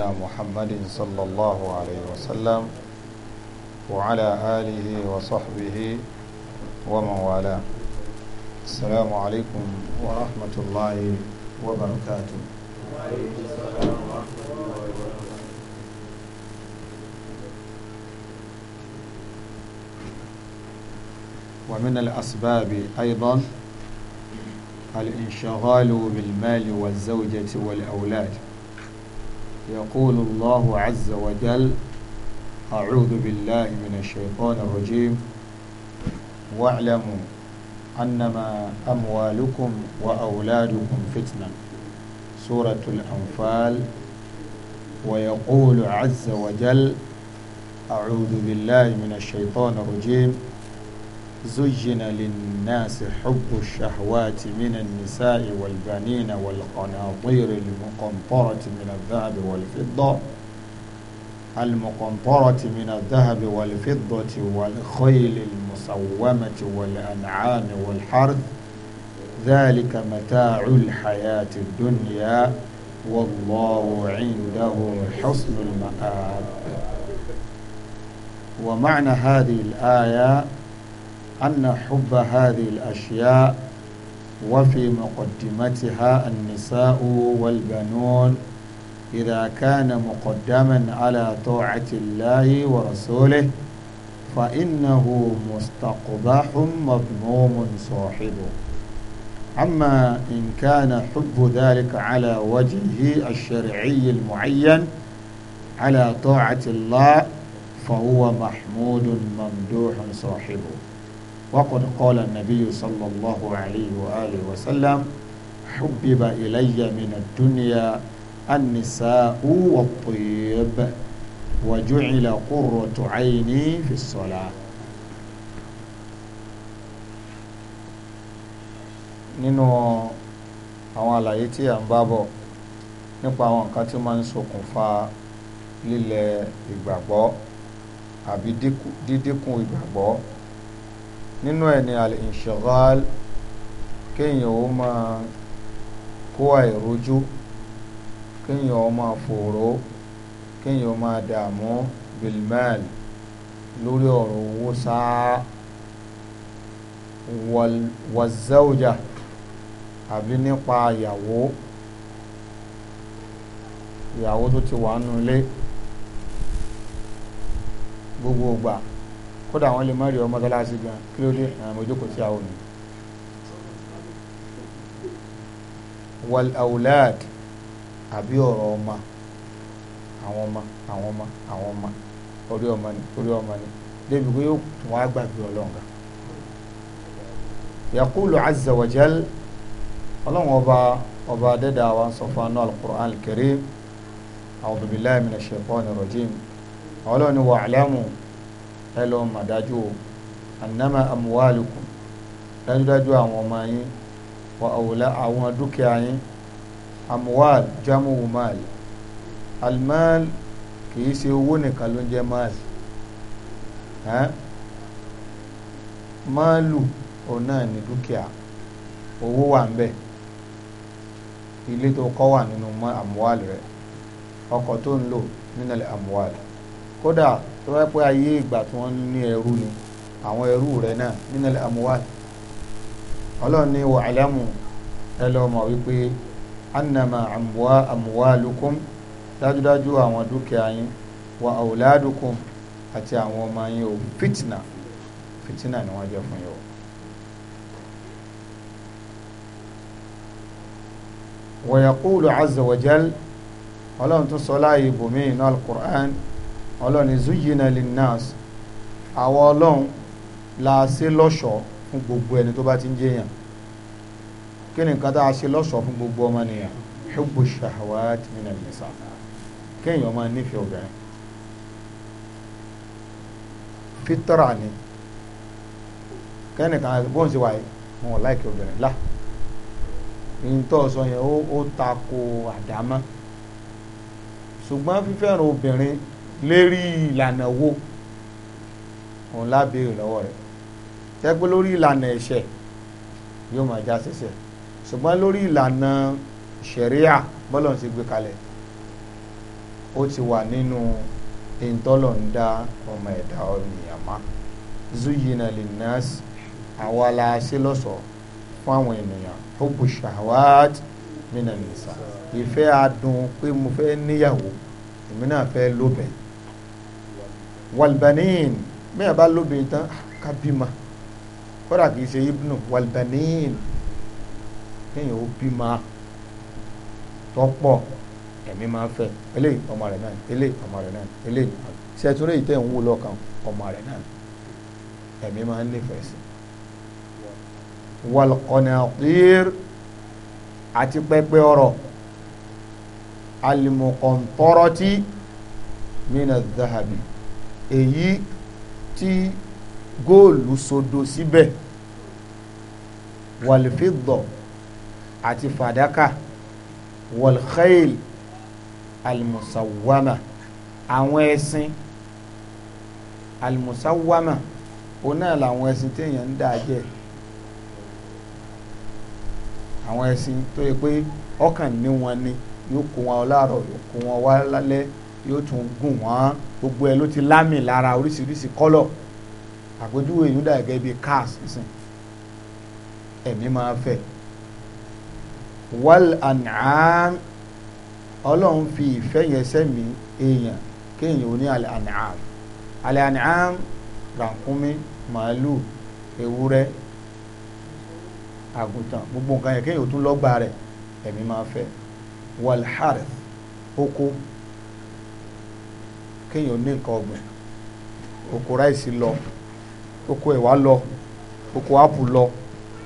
محمد صلى الله عليه وسلم وعلى آله وصحبه ومن والاه السلام عليكم ورحمة الله وبركاته ومن الأسباب أيضا الانشغال بالمال والزوجة والأولاد يقول الله عز وجل أعوذ بالله من الشيطان الرجيم واعلموا أنما أموالكم وأولادكم فتنة سورة الأنفال ويقول عز وجل أعوذ بالله من الشيطان الرجيم زجنا للناس حب الشهوات من النساء والبنين والقناطير المقنطرة من الذهب والفضة المقنطرة من الذهب والفضة والخيل المسومة والأنعام والحرث ذلك متاع الحياة الدنيا والله عنده حسن المآب ومعنى هذه الآية أن حب هذه الأشياء وفي مقدمتها النساء والبنون إذا كان مقدما على طاعة الله ورسوله فإنه مستقبح مذموم صاحبه أما إن كان حب ذلك على وجهه الشرعي المعين على طاعة الله فهو محمود ممدوح صاحبه وقد قال النبي صلى الله عليه وآله وسلم حبب إلي من الدنيا النساء والطيب وجعل قرة عيني في الصلاة nínú àwọn àlàyé tí à ń bá bọ̀ nípa àwọn nǹkan tí máa ń ṣokùnfà lílẹ̀ ìgbàgbọ́ àbí dídínkù ìgbàgbọ́ nínú ẹ̀ ni al-inshighal kéèyàn ó máa kó àìrójú kéèyàn ó máa fòró kéèyàn ó máa dààmú bilmal lórí ọ̀rọ̀ owó sáà wàzáwùjà àbí nípa ìyàwó ìyàwó tó ti wà nù gbogbo ìgbà kódà àwọn lè má rí ọmọ gálásí gan kí ló dé àwọn ojókòó tí àwọn òní. wal awlad àbí ọ̀rọ̀ ọmọ àwọn ọmọ àwọn ọmọ àwọn ọmọ orí ọmọ ni orí ọmọ ni débi pé yóò tún wá gbàgbé ọlọ́nga. yaqulu azza wa ọlọ́run ọba ọba dẹ́dà wa ń sọ fún anú al-Qur'an al-Karim a'udhu billahi minash shaitanir ọlọ́run ni wa'lamu ẹ lọ mà dájú o ànámà amúhálùkù dájúdájú àwọn ọmọ yín wà àwòlá àwọn dúkìá yín amúhál jámù máàlì almal kìí ṣe owó nìkan ló ń jẹ máàlì máàlù òun náà ní dúkìá owó wà ń bẹ ilé tó kọ́ wà nínú àmúhálì rẹ ọkọ̀ tó ń lò nínú àmúhálì kódà tó bá pẹ́ ayé ìgbà tí wọ́n ní ẹrú ni àwọn ẹrú rẹ̀ náà nínú amúwáì ọlọ́run ní wà álámù ẹ lọ mọ̀ wípé annama àmúwá àmúwá lukum dájúdájú àwọn dúkìá yín wa àwòládùkùn àti àwọn ọmọ yín o fitna fitna ni wọ́n jẹ́ fún yín o. wa ọlọ́run tún sọ láàyè ibòmíì náà al ọlọ́ni zuyina linnas àwọn ọlọ́run la ṣe lọ́ṣọ̀ọ́ fún gbogbo ẹni tó bá ti ń jẹyàn kí ni nǹkan tá a ṣe lọ́ṣọ̀ọ́ fún gbogbo ọmọ nìyàn hubbu shahawat min an-nisa kéèyàn máa nífẹ̀ẹ́ obìnrin fitra ni kẹ́nìkan bóun ṣe wáyé wọn ò láìkí obìnrin lá ntọ́ yẹn ó ta ko àdámọ́ ṣùgbọ́n fífẹ́ràn obìnrin lérí ìlànà wo òun lábẹ́rẹ̀ lọ́wọ́ rẹ̀ tẹ́gbẹ́ lórí ìlànà ẹ̀ṣẹ̀ yóò máa já ṣẹṣẹ̀ ṣùgbọ́n lórí ìlànà ṣẹ̀ríà bọ́lọ̀ ń ṣe gbé kalẹ̀ ó ti wà nínú ìtọ́lọ̀ ń dá ọmọ ẹ̀dá ọ̀nìyàmá zuyina linnas àwa la ṣe lọ́sọ̀ọ́ fún àwọn ènìyàn hubu shahawat minan nisa ìfẹ́ adùn pé mo fẹ́ níyàwó èmi náà fẹ́ lóbẹ̀ẹ́ walbanin bẹ́ẹ̀ bá lóbìnrin tán ah, ká bímọ kódà kìí ṣe ibnu walbanin kéèyàn ó bímọ tọ́pọ̀ ẹ̀mí máa ń fẹ́ eléyìí ọmọ rẹ̀ náà eléyìí ọmọ rẹ̀ náà eléyìí ṣẹ́túnrẹ́ yìí tẹ̀ ń wú lọ́kàn ọmọ rẹ̀ náà ẹ̀mí máa ń nífẹ̀ẹ́ sí. walqanatir àti pẹpẹ ọrọ̀ almuqantarati mina dhahabi èyí tí góòlù sodo síbẹ̀ wàlfíìdọ̀ àti fàdákà wàlxẹ́ìl almusawama àwọn ẹṣin almusawama òun náà làwọn ẹṣin téèyàn ń dà jẹ àwọn ẹṣin tó yẹ pé ọkàn ní wọn ni yóò kó wọn láàárọ̀ yóò kó wọn wá lálẹ́ yóò tún gùn wọ́n gbogbo ẹ̀ ló ti lámì lára oríṣiríṣi kọ́lọ̀ àpèjúwe ìlú dà gẹ́gẹ́ bíi cars sísìn ẹ̀mí máa fẹ̀ wal an'am ọlọ́run fi ìfẹ́ yẹn sẹ́mi èèyàn kéèyàn oní al an'am al an'am ràkúnmí màálù ewúrẹ́ àgùntàn gbogbo nǹkan yẹn kéèyàn tún lọ́gbà rẹ̀ ẹ̀mí máa fẹ́ wal harth oko kéèyàn ní nǹkan ọ̀gbìn oko ráìsì lọ oko ẹ̀wà lọ oko ápù lọ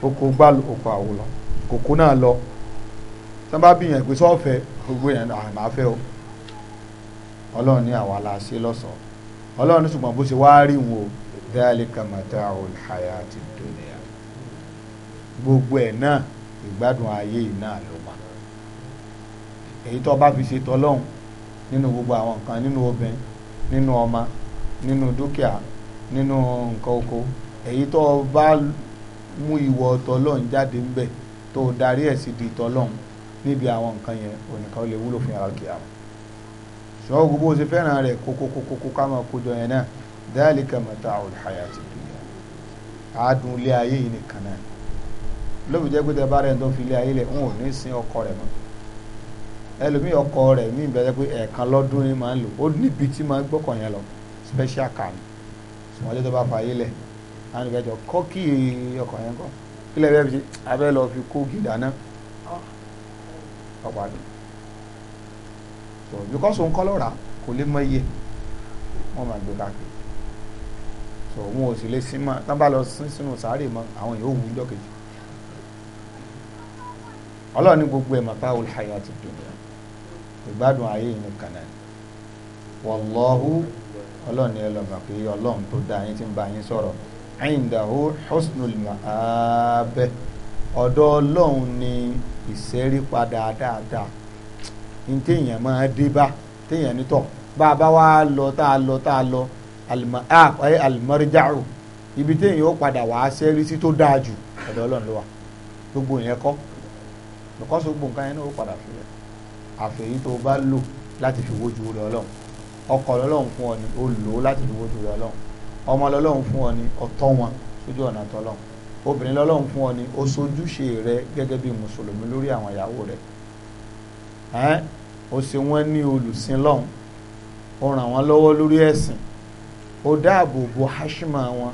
oko gbá oko àwò lọ kòkó náà lọ tí wọ́n bá bí yẹn pé sọ́ọ̀fẹ́ gbogbo yẹn àmà fẹ́ o ọlọ́run ní àwa la ṣe lọ́sọ̀ọ́ ọlọ́run ní ṣùgbọ́n bó ṣe wá rí wọn o dhalika mata'ul hayatid dunya gbogbo ẹ̀ náà ìgbádùn ayé yìí náà ló wà èyí tó bá fi ṣe tọ́lọ́hún nínú gbogbo àwọn nǹkan nínú obìnrin nínú ọmọ nínú dúkìá nínú nǹkan oko èyí tó o bá mú ìwọ tọlọ́run jáde ńbẹ̀ tó o darí ẹ̀ sí di tọlọ́run níbi àwọn nǹkan yẹn ònìkan lè wúlò fún yàrá kìá ṣùgbọ́n gbogbo o ṣe fẹ́ràn rẹ̀ kókókókó ká máa kójọ yẹn náà dhalika mata'ul hayatid dunya àádùn ilé ayé yìí nìkan náà lóbi jẹ́ pé tẹ bá rẹ̀ ń tó fi ilé ayé lẹ̀ ń ò ní sin ọkọ rẹ̀ mọ́ ẹlòmíì ọkọ rẹ̀ mí bẹ̀rẹ̀ pé ẹ̀ẹ̀kan lọ́dún ni máa ń lò ó níbi tí máa ń gbọ́kàn yẹn lọ special car ni sùnwọ́n ọjọ́ tó bá fààyè lẹ̀ àwọn ìgbẹ́jọ kọ́ kí ọkọ̀ yẹn kọ́ kílẹ̀ bẹ́ẹ̀ fi abẹ́ lọ fi kó gìdá náà ọ̀pá dùn so because òun kọ́ lọ́ra kò lè mọ iye wọ́n máa gbé káàkiri so òun ò sì lè sí mọ́ tán bá lọ sí sínú sàárè mọ́ àwọn yòó wù ú jọ́kejì ọlọ́run ní gbogbo ẹ̀ màtá olùhàyà ti dùn mí ìgbádùn ayé yìí kànáà wàlọ́hu ọlọ́run ni ẹ lọ́ba pé ọlọ́run tó dá yín ti ń bá yín sọ̀rọ̀ ayindahu husnul ma'abe ọ̀dọ̀ ọlọ́run ni ìsẹ́rípa dáadáa ní téèyàn máa dé bá téèyàn nítọ̀ bá a bá wá lọ tá a lọ tá a lọ alimọ́rìjáàrò ibi téèyàn ó padà wá sẹ́rí sí tó dáa jù ọ̀dọ̀ ọlọ́run ló wà gbogbo yẹn kọ́ lọ́kọ́sọ gbogbo nǹkan yẹn náà ó padà fi rẹ̀ àfẹ̀yí tó bá lò láti fi wojú rẹ ọlọ́run ọkọ lọ́lọ́run fún ọ ni ó lò ó láti fi wojú rẹ ọlọ́run ọmọ lọ́lọ́run fún ọ ni ọ̀tọ́ wọn sójú ọ̀nà tọ́lọ́run obìnrin lọ́lọ́run fún ọ ni ó sojúṣe rẹ gẹ́gẹ́ bí mùsùlùmí lórí àwọn ìyàwó rẹ ẹ́n ó ṣe wọ́n ní olùsìn lọ́hùn ó ràn wọ́n lọ́wọ́ lórí ẹ̀sìn ó dáàbò bo hashima wọn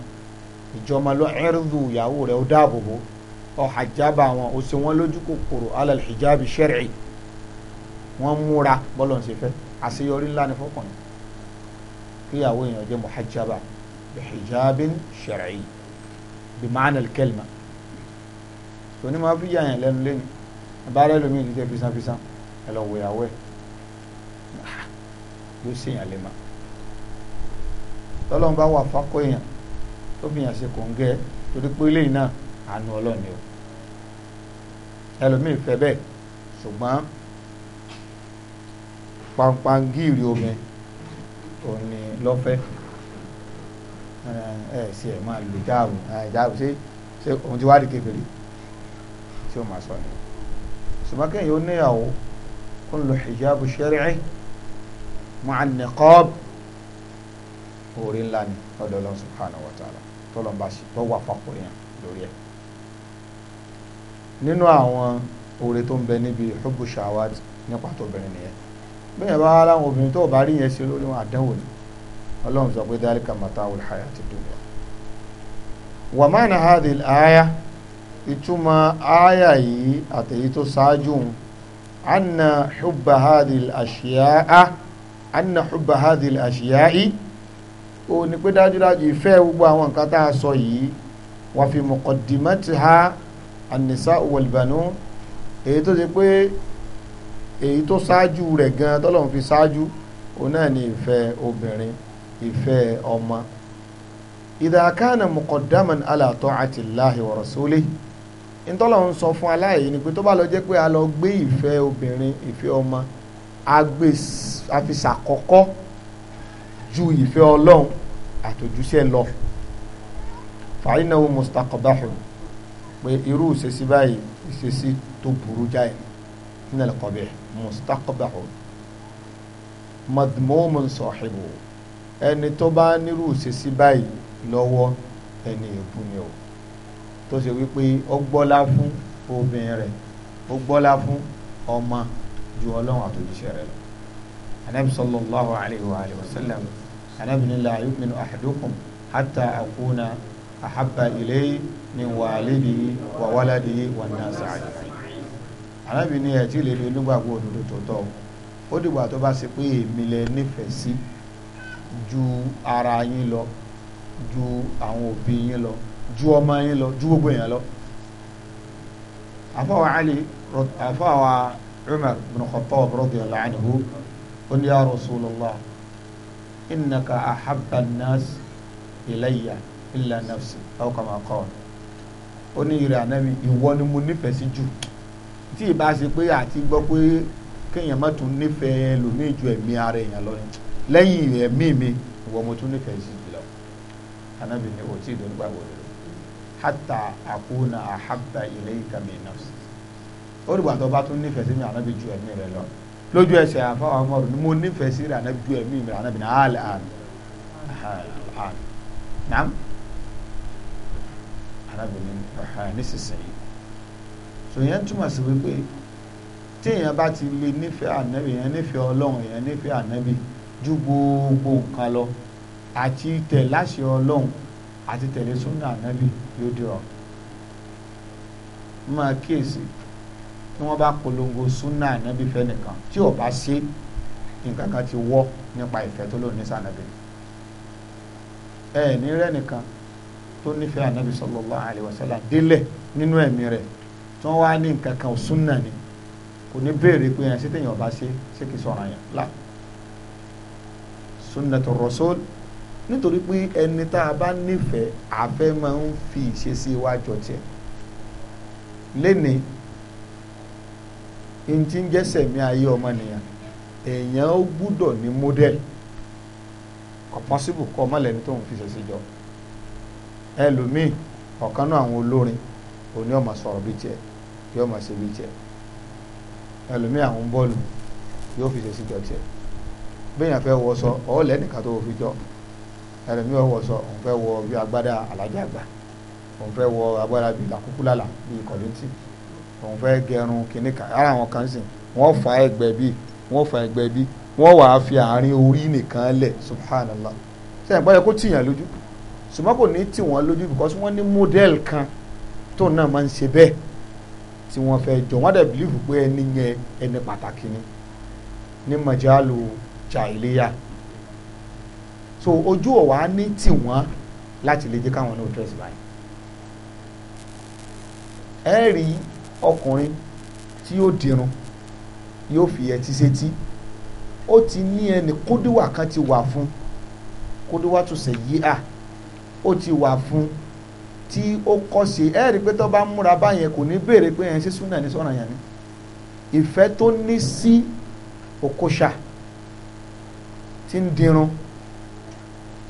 ìjọba lọ ẹrùdù ìyàwó rẹ ó dáàbò bo ọ̀hàjábà wọn ó ṣe wọ́n lójú kòkòrò alàlìjábì shar'i wọ́n múra bọ́lọ̀ ṣe fẹ́ àṣeyọrí ńlá ni fọkùnrin kíyàwó èèyàn jẹ́ muhajjaba bihijabin shar'i bimaana kelma tòní máa fi yàyàn lẹ́nu lẹ́nu abáàlẹ́ lomi ìdíje fisanfisan ẹ lọ wòyàwó ẹ̀ ah, yóò ṣèyàn lè mà tọ́lọ́n bá wà fákọ́ èèyàn tó fi yàn ṣe kò ń gẹ́ torí pé eléyìí náà àánú ọlọ́ọ̀ni o ẹlòmíì fẹ́ bẹ́ẹ̀ ṣùgbọ́n pampangíìrì omi òun ni lọ́fẹ́ ẹ ṣe ẹ máa lò jáàbù jáàbù ṣé ṣé òun ti wá di kékeré tí ó máa sọ ni ṣùgbọ́n kéèyàn ó níyàwó kó ń lo hijabu ṣẹ́rẹ́ẹ́ máa niqab orí ńlá ni lọ́dọ̀ Ọlọ́run subhanahu wa ta'ala tọ́lọ́mbà sí tó wà fọkùnrin yẹn lórí ẹ̀ nínú àwọn oore tó ń bẹ níbi hubbu shawad nípa tó bẹ̀rẹ̀ nìyẹn bẹ́ẹ̀ bá láwọn obìnrin tó bá rí yẹn ṣe lórí wọn àdánwò ni ọlọ́run sọ pé dálíkà mata'ul hayati dunya wa ma'na hadhihi al-aya ìtumọ̀ aya yìí àtẹ̀yí tó ṣáájú anna hubba hadhihi al-ashya'a anna hubba hadhihi al-ashya'i ó ní pé dájúdájú ìfẹ́ gbogbo àwọn nǹkan tá a sọ yìí wa fi muqaddimatiha an-nisa'u wal-banun èyí tó ṣe pé èyí tó ṣáájú rẹ̀ gan tọ́lọ́run fi ṣáájú òun náà ni ìfẹ́ obìnrin ìfẹ́ ọmọ idha kana muqaddaman ala ta'ati Allahi wa rasulihi ntọ́lọ́run sọ fún aláìyí ni pé tó bá lọ jẹ́ pé a lọ gbé ìfẹ́ obìnrin ìfẹ́ ọmọ àfisàkọ́kọ́ ju ìfẹ́ ọlọ́run àtòjúṣe lọ fàáyínàwó mustaqbahun pé irú ìṣesí báyìí ìṣesí tó burú jáì nílẹ̀ kọ́bẹ̀ẹ́ mustaqbahu madmumun sahibu ẹni tó bá nírú ìṣesí báyìí lọ́wọ́ ẹni èbú ni o tó ṣe wípé ó gbọ́lá fún obìnrin rẹ̀ ó gbọ́lá fún ọmọ ju ọlọ́run àtòjíṣẹ́ rẹ̀ lọ anabi sallallahu alayhi wa alayhi wa sallam anabi ni la yu'minu ahadukum hatta akuna ahabba ilayhi min walidihi wa waladihi wa nasi anábì ni ẹ̀ tí lè di onígbàgbọ́ òdodo tòótọ́ ó dìgbà tó bá ṣe pé èmi lẹ nífẹ̀ẹ́ sí ju ara yín lọ ju àwọn òbí yín lọ ju ọmọ yín lọ ju gbogbo èèyàn lọ àfọwọ́ Ali àfọwọ́ Umar bin Khattab radiyallahu anhu ó ní ya Rasulullah innaka ahabba an-nas ilayya illa nafsi ìwọ ni mo nífẹ̀ẹ́ sí jù tí ìbá ṣe pé àti gbọ́ pé kéèyàn má tún nífẹ̀ẹ́ ẹlòmíì ju ẹ̀mí ara èèyàn lọ ni lẹ́yìn ẹ̀mí mi ìwọ mo tún nífẹ̀ẹ́ sí jùlọ anábì ni òtí ìdónígbàgbọ́ rẹ̀ hátà àkúnà àhábà ilé ìkàmì nafsi ó dìgbà tó bá tún nífẹ̀ẹ́ sí mi anábì ju ẹ̀mí rẹ̀ lọ lójú ẹsẹ̀ àfáwọn ọmọ mo nífẹ̀ẹ́ sí anábì ju ẹ̀mí mi anábì ní àlẹ́ àmì àmì nàám anábì ní nísinsìnyí sòyẹn túmọ̀ sí wípé tí èèyàn bá ti lè nífẹ̀ẹ́ ànábì èèyàn nífẹ̀ẹ́ ọlọ́run èèyàn nífẹ̀ẹ́ ànábì ju gbogbo nǹkan lọ àti tẹ̀ láṣẹ ọlọ́run àti tẹ̀lé súnà ànábì yóò dìrọ̀ máa kíyèsí tí wọ́n bá polongo súnà ànábì fẹ́nìkan tí ò bá ṣe nǹkan kan ti wọ́ nípa ìfẹ́ tó lò ní sànàbì ẹ̀ ní rẹ́nìkan tó nífẹ̀ẹ́ ànábì sallallahu alaihi wasallam délẹ̀ nínú ẹ̀mí rẹ̀ tí wọ́n wá ní nǹkan kan súnà ni kò ní béèrè pé ẹ̀ sítẹ̀yìn ọba ṣe ṣé kì sọ̀rọ̀ yẹn lá sunnatu rasul nítorí pé ẹni tá a bá nífẹ̀ẹ́ àfẹ́ máa ń fi ìṣesí iwájú ọ̀tẹ̀ lénìí n ti ń jẹ́sẹ̀ mi ayé ọmọnìyàn èèyàn ó gbúdọ̀ ní mọ́dẹ́lì kò pọ́sibù kọ́ ọmọlẹ́ni tó ń fi ṣẹ̀ṣẹ̀ jọ ẹlòmíì ọ̀kan náà àwọn olórin òní ọmọ sọ̀rọ̀ bíi tiẹ̀ yóò ọmọ ṣe bíi tiẹ̀ ẹlòmíì àwọn bọ́ọ̀lù yóò fi ṣe síjọ tiẹ̀ béèyàn fẹ́ wọṣọ ọ̀ lẹ́nìkan tó fi jọ ẹlòmíì wọṣọ òun fẹ́ wọ bí agbádá alájà àgbà òun fẹ́ wọ agbádá bíi làkúkúlàlà bíi kọ̀lẹ́ntì òun fẹ́ gẹrun kìnnì kan ara àwọn kan sìn wọ́n fa ẹgbẹ́ bíi wọ́n fa ẹgbẹ́ bíi wọ́n wàá fi àárín orí nìkan lẹ̀ subhanallah sẹ́yìn pẹ́ yẹ kó tìyàn lójú ṣùgbọ́n kò ní tì wọ́n lójú because wọ́n ní model kan tóun náà máa ń ṣe bẹ́ẹ̀ tí wọ́n fẹ́ jọ wọ́n dẹ̀ bìlífù pé ẹni yẹn ẹni pàtàkì ni ní mọ̀jálù jàìléyà so ojú ọ̀wá ní tì wọ́n láti lè jẹ́ káwọn náà dírẹ́sì báyìí ẹ rí ọkùnrin tí yóò dirun yóò fi ẹtí sétí ó ti ní ẹni kódìwà kan ti wà fún kódìwà tó ṣe yí à ó ti wà fún tí ó kọ́ sí ẹ rí i pé tó bá múra báyẹn kò ní béèrè pé ẹ̀ ń ṣe ní sọ̀rọ̀ yẹn ni ìfẹ́ tó ní sí òkóṣà tí ń dirun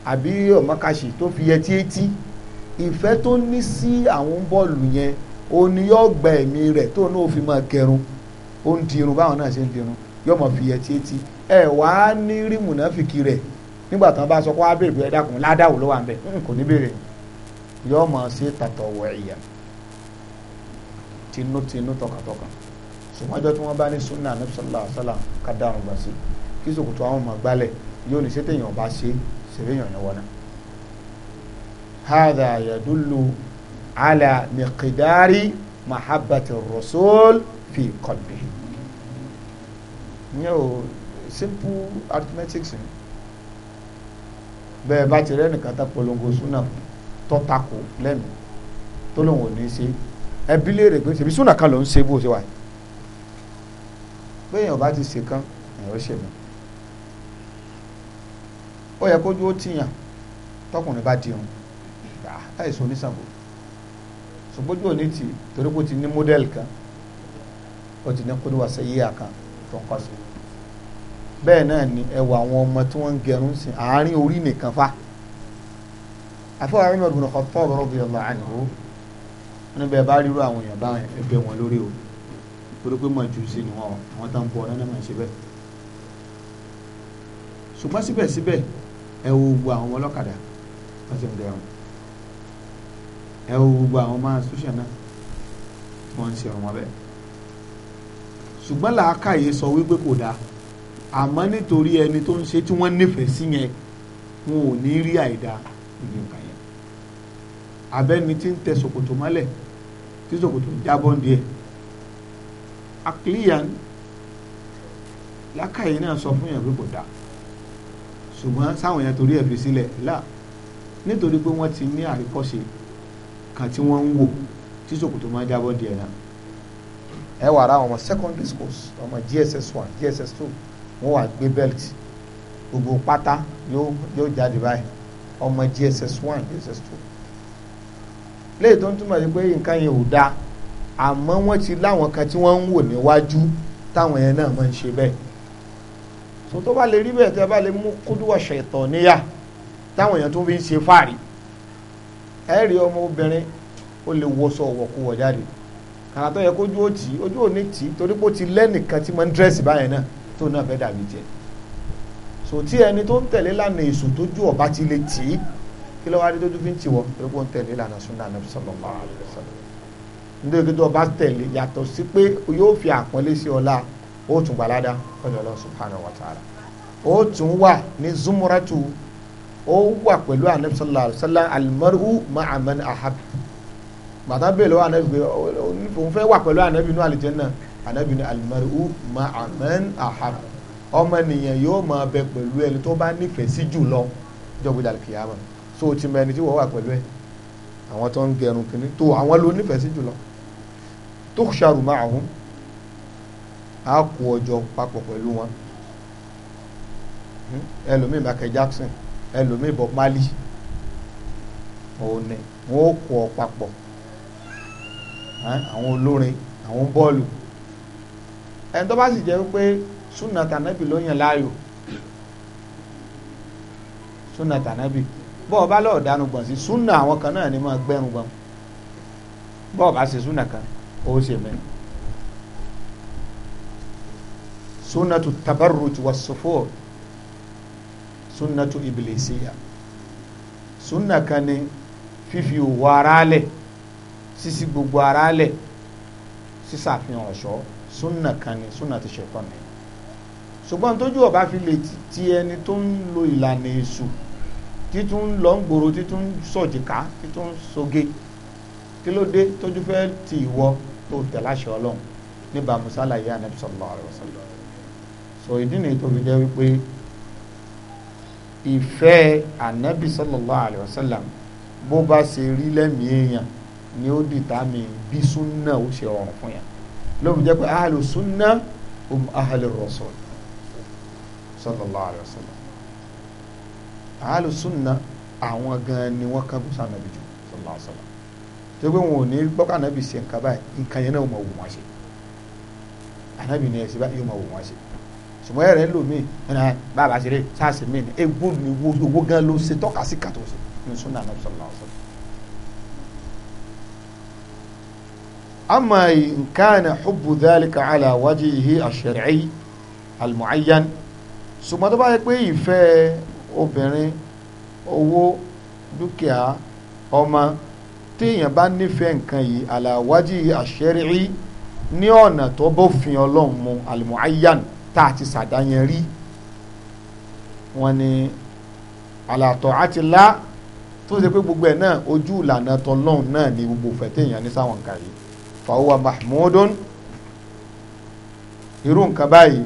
àbí ọ̀mọ́kàṣì tó fi yẹtí etí ìfẹ́ tó ní sí àwọn bọ́ọ̀lù yẹn òní yóò gba ẹ̀mí rẹ̀ tó ní òfin máa gẹrun ó ń dirun báwọn náà ṣe ń dirun yóò mọ̀ fi yẹtí etí ẹ wá ní rí mùnáfìkì rẹ̀ nígbà tí wọ́n bá sọ pé wọ́n á béèrè ẹ̀dá kan ládàá wò ló wà ń bẹ̀ kò ní béèrè ni yóò máa ṣe tatawu'iyya tinútinú tọkàntọkàn sùmọ́jọ́ tí wọ́n bá ní sunna anabi sallallahu alaihi wasallam ká dáhùn gbà sí kí sòkòtò àwọn ọmọ gbálẹ̀ yóò ní sétèèyàn bá ṣe sèréyàn yẹn wọnà. hadha yadullu ala miqdari mahabbati rasul fi qalbihi. ìyẹn o simple arithmetic bẹ́ẹ̀ bá ti rẹ́ nìkan tá polongo sunna tọ́takò lẹ́mìí tó lóun ò ní í ṣe ẹbí léèrè pé ṣèbí súnà kan ló ń ṣe bó ṣe wà yìí béèyàn bá ti ṣe kan èèyàn ó ṣe mọ́ ó yẹ kójú ó tìyàn tọkùnrin bá di òun ah, láìsọ oníṣàbò ṣùgbọ́n òní tì torí pé ti ní mọ́dẹ́lì kan ó ti ní kódó wá sẹ́yé àkàn tó ń kọ́ sí bẹ́ẹ̀ náà ni ẹwà àwọn ọmọ tí wọ́n ń gẹrun sí àárín orí nìkan fáà àfọwọ́ Umar ibn Khattab radiyallahu anhu wọn bẹ bá ríru àwọn èèyàn bá ẹgbẹ́ wọn lórí o torí pé Májúsì ni wọn àwọn tá ń bọ ọ̀nà náà ṣe bẹ́ẹ̀ ṣùgbọ́n síbẹ̀síbẹ̀ ẹ wo gbogbo àwọn ọlọ́kadà wọ́n ti ń dẹrùn ẹ wo gbogbo àwọn ọmọ asúnṣe náà wọ́n ń ṣe ọmọ bẹ́ẹ̀ ṣùgbọ́n làákàyè sọ wípé kò dáa àmọ́ nítorí ẹni tó ń ṣe tí wọ́n nífẹ̀ẹ́ sí yẹn wọn ò ní rí àìda nǹkan abẹ́ni tí ń tẹ ṣòkòtò mọ́lẹ̀ tí ṣòkòtò jábọ́ ń díẹ̀ akiliyan lákàyè náà sọ fún yàn pé kò dáa ṣùgbọ́n sáwọn èèyàn torí ẹ̀ fi sílẹ̀ là nítorí pé wọ́n ti ní àríkọ́ṣe kan tí wọ́n ń wò tí ṣòkòtò máa jábọ́ díẹ̀ náà ẹ wà ra ọmọ secondary schools ọmọ gss one gss two wọ́n wà gbé belt gbogbo pátá yóò jáde báyìí ọmọ gss one gss two léyìí tó ń túmọ̀ sí pé nǹkan yẹn ò dáa àmọ́ wọ́n ti láwọn kan tí wọ́n ń wò níwájú táwọn yẹn náà máa ń ṣe bẹ́ẹ̀ so tó bá lè rí bẹ́ẹ̀ tẹ́ bá lè mú kúdùwà ṣẹ̀tọ̀ níyà táwọn yẹn tó fi ń ṣe fáàrí ẹ rí ọmọ obìnrin ó lè wọṣọ ọ̀wọ̀kuwọ̀ jáde kàrà tó yẹ kójú ó tì í ojú ò ní tì í torí pé ó ti lẹ́nìkan tí máa ń dírẹ́sì báyẹn náà tó náà fẹ́ dàbí tiẹ̀ so tí ẹni tó ń tẹ̀lé lánàá èso tójú ọ̀bá ti lè tì í kí ló wá dé tójú fi ń tiwọ́ erékò ń tẹ̀lé ìlànà súnà nàbí sallallahu alaihi wasallam nítorí pé tó o bá tẹ̀lé yàtọ̀ sí pé yóò fi àpọ́nlé sí ọlá ó tún gbalada pẹ̀lú ọlọ́run subhanahu wa ta'ala ó tún wà ní zumuratu ó wà pẹ̀lú anabi sallallahu alaihi wasallam almaru ma'a ahab bàtà bẹ́ẹ̀ lọ́wọ́ anabi pé òun fẹ́ wà pẹ̀lú anabi inú àlìjẹ́nà anabi ní almaru ma'a man ahab ọmọnìyàn yóò máa bẹ pẹ̀lú ẹni tó bá nífẹ̀ẹ́ sí jù lọ jọ́gbẹ́dàlùkìyàmọ́ so o ti mọ ẹni tí wọ́n wà pẹ̀lú ẹ̀ àwọn tó ń gẹrun kìíní tó àwọn ló nífẹ̀ẹ́ sí jùlọ tó ṣàrù máa hùn á kó ọjọ́ papọ̀ pẹ̀lú wọn hmm? ẹlòmíì Michael Jackson ẹlòmíì Bob Marley òun ni wọn ó kó ọ papọ̀ àwọn olórin àwọn bọ́ọ̀lù ẹni tó bá sì jẹ́ pé súnà tànàbì ló yàn láàyò súnà tànàbì bọ́ọ̀ bá lọ́ọ̀ dánú gbọ̀n sí súnà àwọn kan náà ni máa gbẹ́rùn gbọ̀n bọ́ọ̀ bá ṣe súnà kan ó ṣe mẹ́rin sunnatu tabarruj wa sufur sunnatu ibilisiya sunna kan ni fífi òwò ara lẹ̀ sísí gbogbo ara lẹ̀ sísàfihàn ọ̀ṣọ́ sunna kan ni sunna ti ṣe tán ṣùgbọ́n tójú ọba fi lè ti ẹni tó ń lo ìlànà èṣù títún lọ ń gbòòrò títún sọ̀jìká títún soge kí ló dé tójú fẹ́ tì í wọ tó tẹ̀láṣẹ ọlọ́run níbà anabi sallallahu alaihi wasallam so ìdí nìyí tó fi wípé ìfẹ́ anabi sallallahu alaihi wasallam bó bá ṣe rí lẹ́mìí èèyàn ni ó dìtà mi bí súnà ó ṣe ọ̀rùn fún yàn ló fi pé ahlu sunna um ahlu rasul sallallahu alaihi wasallam alùsùnà àwọn gan ni wọ́n kángun sànàbì jù sallallahu alaihi wasallam tó gbé wọn ò ní gbọ́ kànábì ṣe nǹkan báyìí nǹkan yẹn náà wọ́n wò wọ́n ṣe ànábì ni ẹ̀sìn báyìí wọ́n wò wọ́n ṣe ṣùgbọ́n ẹ̀rẹ́ lòmíì ẹ̀rẹ́ ah, bàbá ṣeré sáàsì mí ni egbò ni owó gan ló ṣe tọ́ka sí kàtó ṣe ní sunna ànábì sallallahu alaihi wasallam أما إن كان حب ذلك على وجهه الشرعي المعين ثم تبقى يقول obìnrin owó dúkìá ọmọ téèyàn bá nífẹ̀ẹ́ nǹkan yìí àlàwájì àṣẹrí ní ọ̀nà tó bófin ọlọ́run mu alimuayan tá a ti sàdáyẹn rí wọn ni àlàtọ̀ àti lá tó ṣe pé gbogbo ẹ̀ náà ojú ìlànà tọlọ́run náà ni gbogbo òfẹ́ téèyàn ní sáwọn nǹkan yìí fàwọn mahmudun irú nǹkan báyìí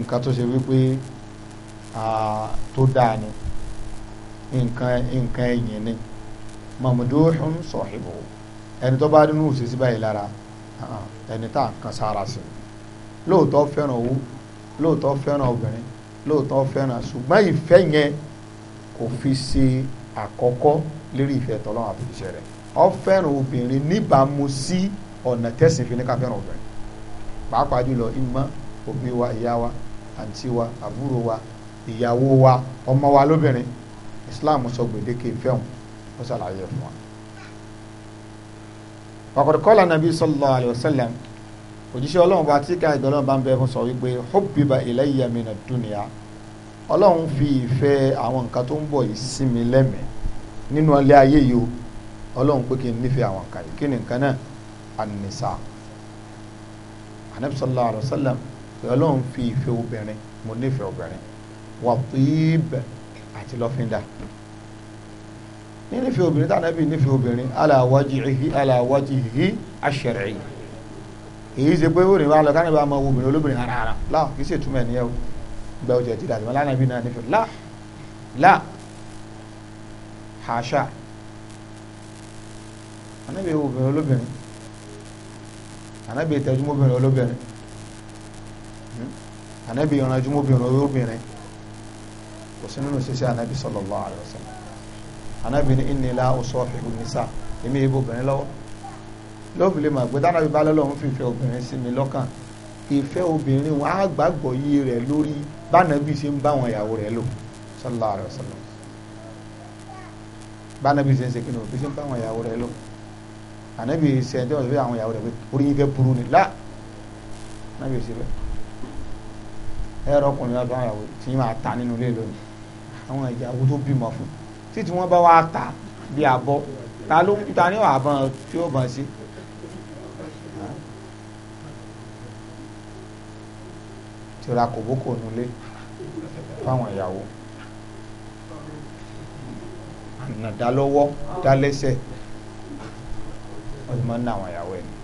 nǹkan tó ṣe wípé tó dáa ni nǹkan nǹkan ẹ̀yìn ni mamduhun sahibu ẹni tó bá dínú òṣìṣẹ́ báyìí lára ẹni tá à ń kan sára sí lóòótọ́ fẹ́ràn owó lóòótọ́ fẹ́ràn obìnrin lóòótọ́ fẹ́ràn ṣùgbọ́n ìfẹ́ yẹn kò fi ṣe àkọ́kọ́ lérí ìfẹ́ tọ́lọ́run àti ìṣẹ́ rẹ̀ ó fẹ́ràn obìnrin níbàámu sí ọ̀nà tẹ̀sìn fi ní ká fẹ́ràn obìnrin pàápàá jùlọ ìmọ̀ òbí wa ìyá wa àǹtí wa àbúrò wa ìyàwó wa ọmọ wa lóbìnrin islam sọ gbèdéke ìfẹ́ wọn ó ṣàlàyé fún wa. ọ̀kọ̀dọ̀kọ́lá nàbí sallallahu alayhi wa sallam òjíṣẹ́ ọlọ́run bá tí ká ìgbẹ́lọ́run bá ń bẹ fún sọ wípé hubbiba ilayya mina dunya ọlọ́run fi ìfẹ́ àwọn nǹkan tó ń bọ̀ yìí sí mi lẹ́mìí nínú ilé ayé yìí o ọlọ́run pé kí n nífẹ̀ẹ́ àwọn nǹkan yìí kí ni nǹkan náà an-nisa anabi sallallahu sallam ọlọ́run fi ìfẹ́ obìnrin mo nífẹ̀ẹ́ obìnrin wàtíìb àti lọ́fíńdà ní nífẹ̀ẹ́ obìnrin tí Ànábì nífẹ̀ẹ́ obìnrin ala wajihi ala wajihi ash-shar'i èyí ṣe pé obìnrin wa lọ káàní bá máa wo obìnrin olóbìnrin ara ara láà kì í ṣe túmọ̀ ẹ̀nìyẹn o gba ọjà ti dàtí wọn lánàá náà nífẹ̀ẹ́ láà láà haṣa Ànábì obìnrin olóbìnrin Ànábì tẹjúmọ́ obìnrin olóbìnrin Ànábì ìrànjúmọ́ obìnrin olóbìnrin kò sí nínú ṣíṣe anabi sallallahu alaihi wasallam anabi ní inni la usahibu nisa èmi ìbò obìnrin lọ́wọ́ lóbìnrin mà gbé dáná bíbá lọ́lọ́run fìfẹ́ obìnrin sí mi lọ́kàn ìfẹ́ obìnrin wọn á gbàgbọ́ yí rẹ̀ lórí bánabi ṣe ń bá àwọn ìyàwó rẹ̀ lò sallallahu alaihi wasallam bánabi ṣe ń ṣe kí ni òbí ṣe ń bá àwọn ìyàwó rẹ̀ lò ànábì ṣe ẹjọ́ ìfẹ́ àwọn ìyàwó rẹ̀ pé orí yín fẹ́ burú ni lá ànábì ṣe bẹ́ẹ̀ ẹ̀rọ ọkùnrin wa bá àwọn ìyàwó tí yín máa ta nínú ilé lónìí àwọn ìyàwó tó bímọ fún tí tí wọ́n bá wá ta bí abọ́ ta ló ta ní àbọ̀n tí ó bọ̀ sí. tí o ra kòbókò nulẹ̀ fáwọn ìyàwó ànàdá lọ́wọ́ ọdún máa ń ná àwọn ìyàwó ẹni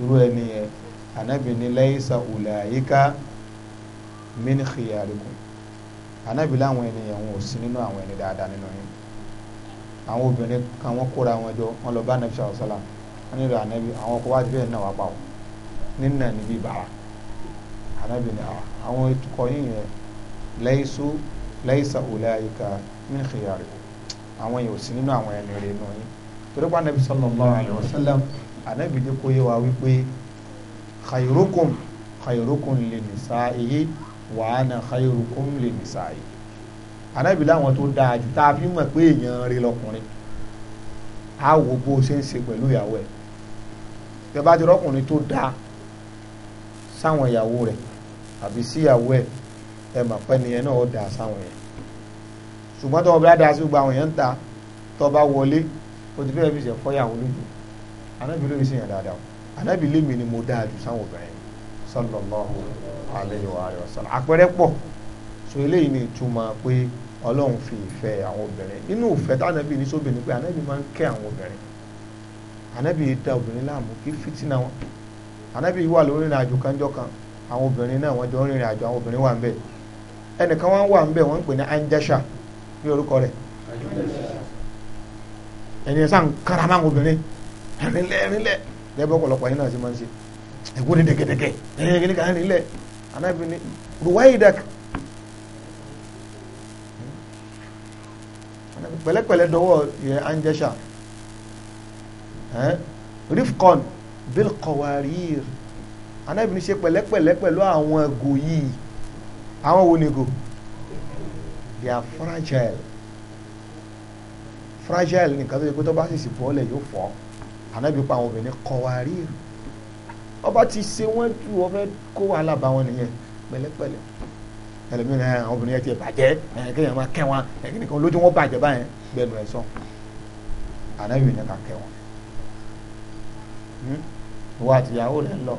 irú ẹni yẹn ànábì ní laysa ulaika min khiyarikum anábì láwọn ènìyàn wọn ò sí nínú àwọn ẹni dáadáa nínú yín àwọn obìnrin kan wọn kóra wọn jọ wọn lọ bá anabi sàlọ sàlá wọn nílò anabi àwọn ọkọ wa ti bẹ́ẹ̀ náà wà pa o nínà níbi ìbára anabi ni ah, àwọn ìtukọ̀ yín yẹn lẹ́yìísú lẹ́yìísá òlà ayíká min khiyari àwọn yẹn ò sí nínú àwọn ẹni rẹ̀ nù yín torí pa anabi sallallahu alaihi wasallam anabi ní kó yé wípé khayrukum khayrukum lè nìsa èyí wa ana khayrukum lin nisa'i anábì láwọn tó dáa jù tá a fi mọ̀ pé èèyàn rí lọkùnrin á wo bó o ṣe ń ṣe pẹ̀lú ìyàwó ẹ̀ bẹ́ẹ̀ bá ti rọ́kùnrin tó dáa sáwọn ìyàwó rẹ̀ àbí síyàwó ẹ̀ ẹ̀ mà pẹ́ nìyẹn náà ó dáa sáwọn yẹn ṣùgbọ́n tó o bá dáa sí gbogbo àwọn yẹn ń ta tó o bá wọlé o ti fẹ́ẹ́ fi ṣe fọ́yàwó lójú anábì lóye sí yẹn dáadáa anábì lémi ni mo dáa jù sáwọn obìnrin sallallahu alaihi wasallam. alayhi wa alihi wa sallam àpẹẹrẹ so eléyìí ni ma pé ọlọ́run fi ìfẹ́ àwọn obìnrin nínú ìfẹ́ tánàbí ní sóbìnrin pé ànábì máa ń àwọn obìnrin ànábì da obìnrin láàmú kí fìtínà wọn ànábì wà lórí ìrìn àjò kan àwọn obìnrin náà wọ́n jọ ń rìnrìn àjò àwọn obìnrin wà ń bẹ̀ ẹnìkan wọn wà ń bẹ̀ wọ́n ń pè ní anjasha ní orúkọ ẹni sàn karama obìnrin anabi ni ruwaidak hmm? anabi pẹ̀lẹ́pẹ̀lẹ́ dọwọ yẹ anjẹsà eh? rifkon bilkawarir anabi ni ṣe pẹ̀lẹ́pẹ̀lẹ́ pẹ̀lú àwọn ẹgò yìí àwọn wo ni go they are fragile fragile nìkan tó yẹ kó tó bá sì sì bọ́ọ̀lẹ̀ yóò fọ́ anabi pa àwọn obìnrin kọwarir ọba ti ṣe wọ́n ju ọfẹ́ kó wàhálà bá wọn nìyẹn pẹ̀lẹ́pẹ̀lẹ́ ẹlẹ́mìnira ah, ẹ̀ obìnrin yẹn ti bàjẹ́ ẹ̀ eh, kéèyàn máa kẹ́ wọn ẹ̀ eh, kìnìkan lójú wọn bàjẹ́ báyẹn gbẹnu ẹ̀ sàn ànábì ní ká kẹ́ wọn. Hmm? ìwọ àti ìyàwó rẹ̀ ń lọ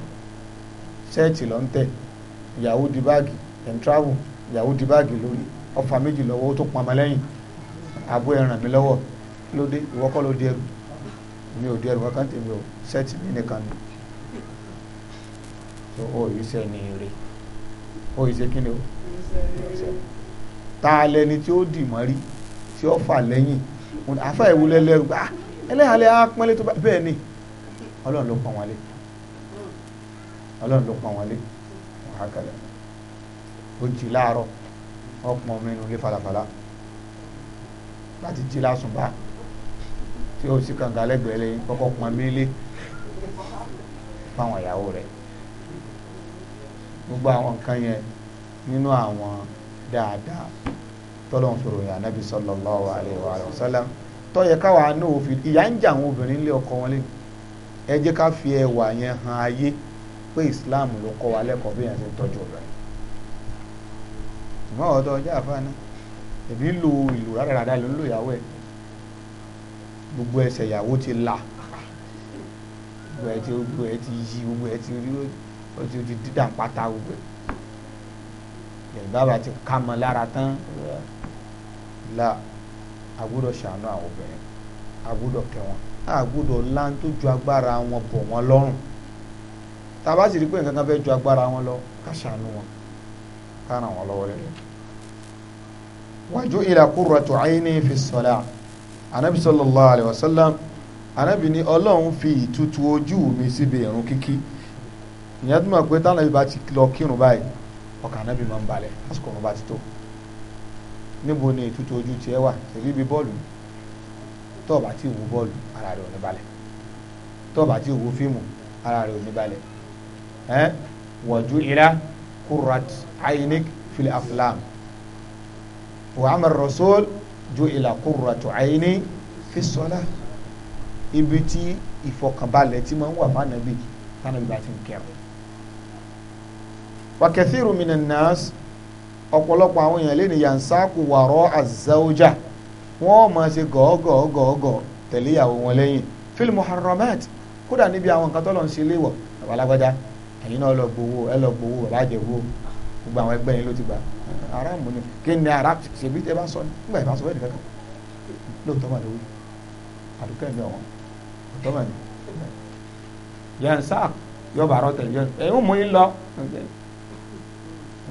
ṣẹ́ẹ̀tì lọ ń tẹ̀ ìyàwó di báàgì ẹ̀ ń travel ìyàwó di báàgì lórí ọfà méjì lọ́wọ́ ó tó pamọ́ lẹ́yìn àbú ẹ̀ ràn mí lọ́wọ́ lóde ìwọ́kọ́ ló di ẹrù mi ò di ẹrù kankan tèmi ò ṣẹ́ẹ̀tì mi nìkan ni so ó yìí ṣe ní ni o ta lẹni tí ó dì mọ́rí tí ó fà lẹ́yìn àfa ìwúlẹ̀ lẹ́rù gbà ah, ẹlẹ́hàlẹ́ á pọ́nlé tó bẹ́ẹ̀ ni ọlọ́run ló pọ́n wọn lé ọlọ́run ló pọ́n wọn lé wọn á kẹlẹ̀ ó jí láàárọ̀ wọ́n pọn omi inú ilé falafala láti jí lásùnbà tí ó sì kàǹgà lẹ́gbẹ̀ẹ́ lẹ́yìn kọ́kọ́ pọn omi ilé fáwọn ìyàwó rẹ̀ gbogbo àwọn nǹkan yẹn nínú àwọn dáadáa tọ́lọ́n fi ròyìn ànábì sallallahu alaihi wa sallam tọ́yẹ káwa náà òfin ìyá ń jà àwọn obìnrin nílé ọkọ wọn lẹ́nu ẹ jẹ́ ká fi ẹwà yẹn hàn ayé pé Islam ló kọ́ wa lẹ́kọ̀ọ́ bí yẹn ti tọ́jú obìnrin ṣùgbọ́n ọ̀dọ́ ọjọ́ àfáàná èmi ń lo ìlú rádaràdà ló ń lo ìyàwó ẹ̀ gbogbo ẹsẹ̀ ìyàwó ti là gbogbo ẹ ti yí gbogbo ẹ ti rí ó ti di dídà pátá gbogbo yorùbá bá ti ká mọ lára tán la àgùdọ̀ ṣàánú àwọn obìnrin àgùdọ̀ kẹ́ wọn ńlá tó ju agbára wọn bọ̀ wọn lọ́rùn tá sì rí pé nǹkan kan fẹ́ ju agbára wọn lọ ká ṣàánú wọn ká ràn wọn lọ́wọ́ lẹ́nu. wájú ila qurratu ayni fi salat anabi sallallahu alayhi wa sallam anabi ni ọlọ́run fi ìtutù ojú mi síbi ìrun kíkí ìyẹn tó mọ̀ pé táwọn ẹbí bá ti lọ kírun báyìí ọkàn náà bí máa ń balẹ̀ lásìkò ọ̀run bá ti tó níbo ni ètùtù ojú tiẹ̀ wà tẹ̀lé ibi bọ́ọ̀lù tó bá ti wo bọ́ọ̀lù ara rẹ̀ ò ní balẹ̀ tó bá ti wo fíìmù ara rẹ̀ ò ní balẹ̀ ẹ́ wọ̀jú ilá kurat ainik fil aflam muhammad rasul ju ilà kurat aini fi ibi tí ìfọkànbalẹ̀ ti máa ń wà fún anabi fún bá ti ń kẹrin wa kathiru minan nas ọ̀pọ̀lọpọ̀ àwọn èèyàn lé ní yansaku wàrọ̀ azawja wọ́n máa ṣe gọ̀ọ́gọ̀ọ́gọ̀ọ́gọ̀ tẹ̀lé ìyàwó wọn lẹ́yìn fil muharramat kódà níbi àwọn nǹkan tó lọ ń ṣe léwọ̀ bàbá alágbájá ẹ̀yin náà lọ gbowó ẹ lọ gbowó bàbá àjẹwò gbogbo àwọn ẹgbẹ́ yín ló ti gbà aráàmù ni kí ni ara ṣèbí tẹ bá ń sọ nígbà yìí bá sọ bẹ́ẹ̀ nìkan lóòótọ́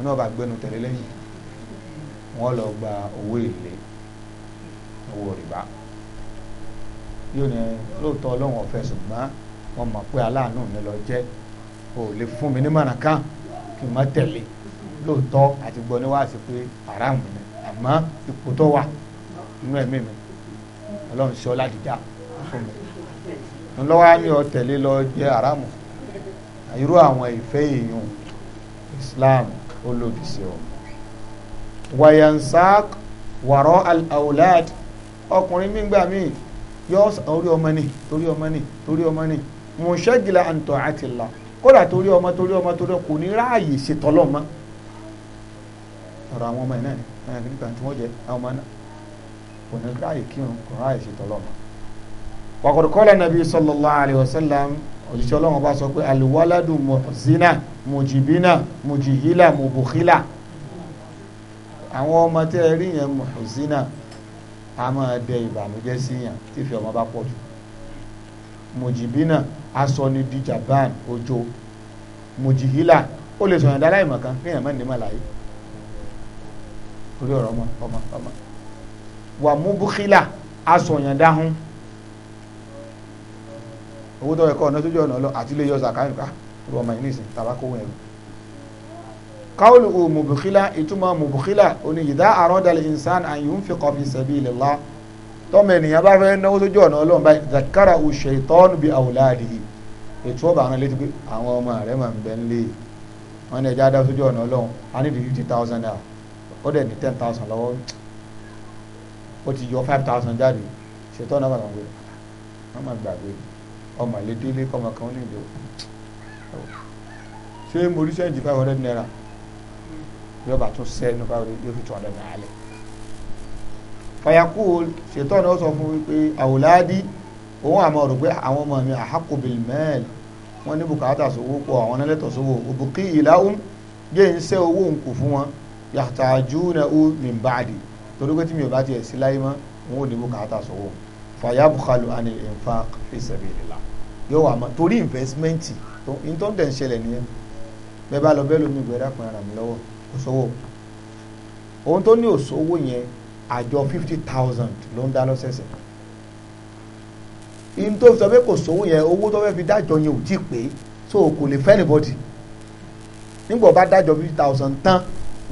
wọn náà bá gbẹnu tẹ̀lé lẹ́yìn wọn lọ gba owó èlé owó rìbá yóò ní lóòótọ́ ọlọ́run ọ̀fẹ́ ṣùgbọ́n wọn mọ̀ pé aláàánú mi lọ jẹ́ o lè fún mi ní mọ̀nà kan kí n má tẹ̀lé lóòótọ́ àti gbọ́ níwáàsí pé aráàmù ni àmọ́ ipò tó wà nínú ẹ̀mí mi ọlọ́run ṣọ́ láti dá fún mi ńlọ́wọ́ á ní ọ tẹ̀lé lọ jẹ́ aráàmù irú àwọn ìfẹ́ èèyàn Islam ó lòdì sí ọ. wàyànsáàk wàrọ al-awlad ọkùnrin nígbà míì yọ orí ọmọ ni torí ọmọ ni torí ọmọ ni mùsẹ́gìlà àǹtọ̀ àti là kódà torí ọmọ torí ọmọ torí ọmọ kò ní ráàyè ṣètọ́lọ́ mọ́ ọ̀rọ̀ àwọn ọmọ yìí náà ni ẹ̀ ẹ̀ nígbà tí wọ́n jẹ àwọn ọmọ náà kò ní ráàyè kírun kò ráàyè ṣètọ́lọ́ mọ́. wàkùrùkọ́lẹ̀ nàbí sallallahu alayhi wa sallam òṣìṣẹ́ ọlọ́run bá sọ pé aliwaladu mọ̀sínà mọ̀jìbínà mọ̀jìhílà mọ̀bùkílà àwọn ọmọ tẹ́ ẹ rí yẹn mọ̀sínà a máa dẹ ìbànújẹ́ sí yàn tí ìfẹ́ ọmọ bá pọ̀ jù mọ̀jìbínà aṣọ ni di japan ojo mọ̀jìhílà ó lè sọ̀yàn dáláì mọ̀kan kí èèyàn mẹ́rin ní màláyé orí ọ̀rọ̀ ọmọ ọmọ ọmọ wà mọ̀bùkílà aṣọ̀yàn dáhùn owó tó ẹ̀kọ́ ọ̀nà tó jẹ́ ọ̀nà lọ àti ilé yọ̀ọ̀sà káyọ̀ká ìwọ ọmọ yìí nìsín tàbákò wọn ẹ̀rù. káwọlù o mùbùkílà ìtumọ̀ mùbùkílà oní ìdá àrọ́dàlẹ̀ insan an yunfiqa fi sabilillah tọ́mọ ènìyàn bá fẹ́ náwó tó ọ̀nà ọlọ́run báyìí zakara shaytanu bi awladihi ètò ọba àwọn létí àwọn ọmọ rẹ̀ máa ń bẹ ń lé wọn ní ẹja sójú ọ̀nà ọlọ́run a ní di fifty thousand naira ó dẹ̀ ní ten thousand lọ́wọ́ ó ti yọ five thousand jáde ṣètọ́ náà wà lọ́wọ́ wọn máa gbàgbé ni ọmọ ilé délé kọ́mọ kan ó nílò ṣé mo rí sẹ́ǹjì five hundred naira yóò bá tún sẹ́nu five hundred yóò fi two hundred naira lẹ̀ fàyàkú ṣètò ọ̀nà ó sọ fún wípé àwòládì òun àmọ́ rò pé àwọn ọmọ mi àhákòbìl mẹ́ẹ̀lì wọ́n ní bùkátà sówó pọ̀ àwọn ẹlẹ́tọ̀ sówó òbùkí ìlàún jẹ́ ń sẹ́ owó ń fún wọn yàtàjú na ó mi báàdì torí pé tí mi ò bá tiẹ̀ sí láyé mọ́ wọn ò ní bùkátà sówó fàyàbùkálù àni infaq fi sabilillah yóò wà mọ́ torí investment n tó ń tẹ̀ ń ṣẹlẹ̀ nìyẹn bẹ́ẹ̀ bá lọ bẹ́ẹ̀ lómi ìgbẹ́ dàpọ̀ ara mi lọ́wọ́ kò sówó ohun tó ní òṣòwò yẹn àjọ fifty thousand ló ń dá lọ́sẹ̀sẹ̀ n tó sọ pé kò sówó yẹn owó tó fẹ́ fi dájọ yẹn ò tí ì pé so kò lè fẹ́ anybody nígbà ọba dájọ fifty thousand tán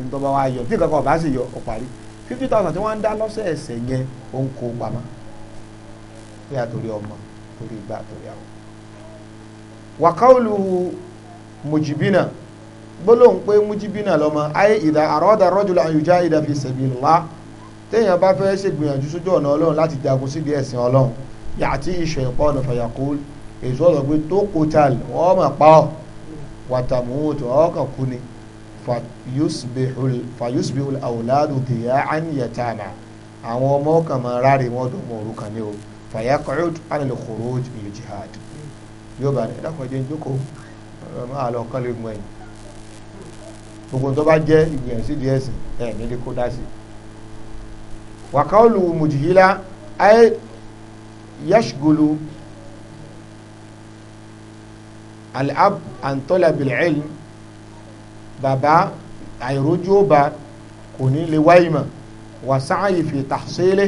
n tó bá wa yọ tí nǹkan ọba sì yọ ọ parí fifty thousand tí wọ́n ń dá lọ́sẹ̀ẹ̀sẹ̀ yẹn ó ń kó pamọ́ bí a ọmọ torí ìgbà torí àwọn wàkàlù mujibina gbólóhùn pé mujibina lọ́mọ ayé ìdá àrọ́dà rọ́jùlọ àyùjá ìdá fi sabilillah téèyàn bá fẹ́ ṣègbìyànjú sójú ọ̀nà ọlọ́run láti jagun sídìí ẹ̀sìn ọlọ́run yàtí shaytanu fayaqul èso ọ̀rọ̀ pé tó kòtàl wọ́n mà pa ọ́ wàtàmùtò ọkàn kú ni fàyùsbìhùl àwòládù dìyà ánìyàtàmà àwọn ọmọ ọkàn máa ráre wọn dùn mọ́ òrukàn ní o fàyàkọ̀ọ́d ánìlẹ̀ kòròj ìlú jihad yóò bá ní ẹ̀dàkùn ẹ̀jẹ̀ ìjókòó àlọ́ kan lè gbọ̀n yìí gbogbo tó bá jẹ́ ìgbìyànjú sí díẹ̀ sí ẹ̀ nílé kó dá sí. wàkàólù mùjìhílá ayé yashgulu al'ab antola bil'ilm bàbá àìrójú ọba kò ní lè wáyìmọ̀ wàsáàyè fi tahsili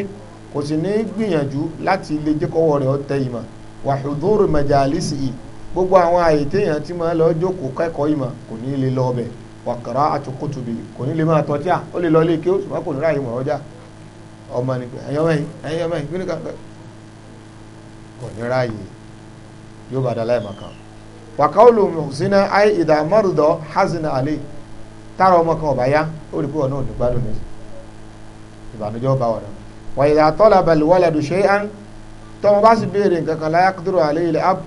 kò sì ní gbìyànjú láti lè jẹ́kọ̀wọ́ rẹ̀ ọ̀tẹ̀ ìmọ̀ wàhùdúrù mẹjàlísì yìí gbogbo àwọn àyè téèyàn ti máa lọ jókòó kẹ́kọ̀ọ́ ìmọ̀ kò ní lè lọ ọbẹ̀ wàkàrà àtúkùtùbì kò ní lè máa tọ́tí à ó lè lọ ilé kí ó sùn kò ní ráàyè mọ̀ ọjà ọmọ ni ẹ̀yọ́ mẹ́yìn ẹ̀yọ́ mẹ́yìn kí ni ká kò ní ráàyè yóò bá dalá ìmọ̀ kan. wàkàólù mùsínà ayé ìdá márùdọ̀ hazina tára ọmọ kan ọ̀bá yá ó rí pé ọ̀nà òdùgbàdùn tọ́mọ bá sì béèrè nǹkan kan láyà kúndúrò àlẹ́ ilẹ̀ ab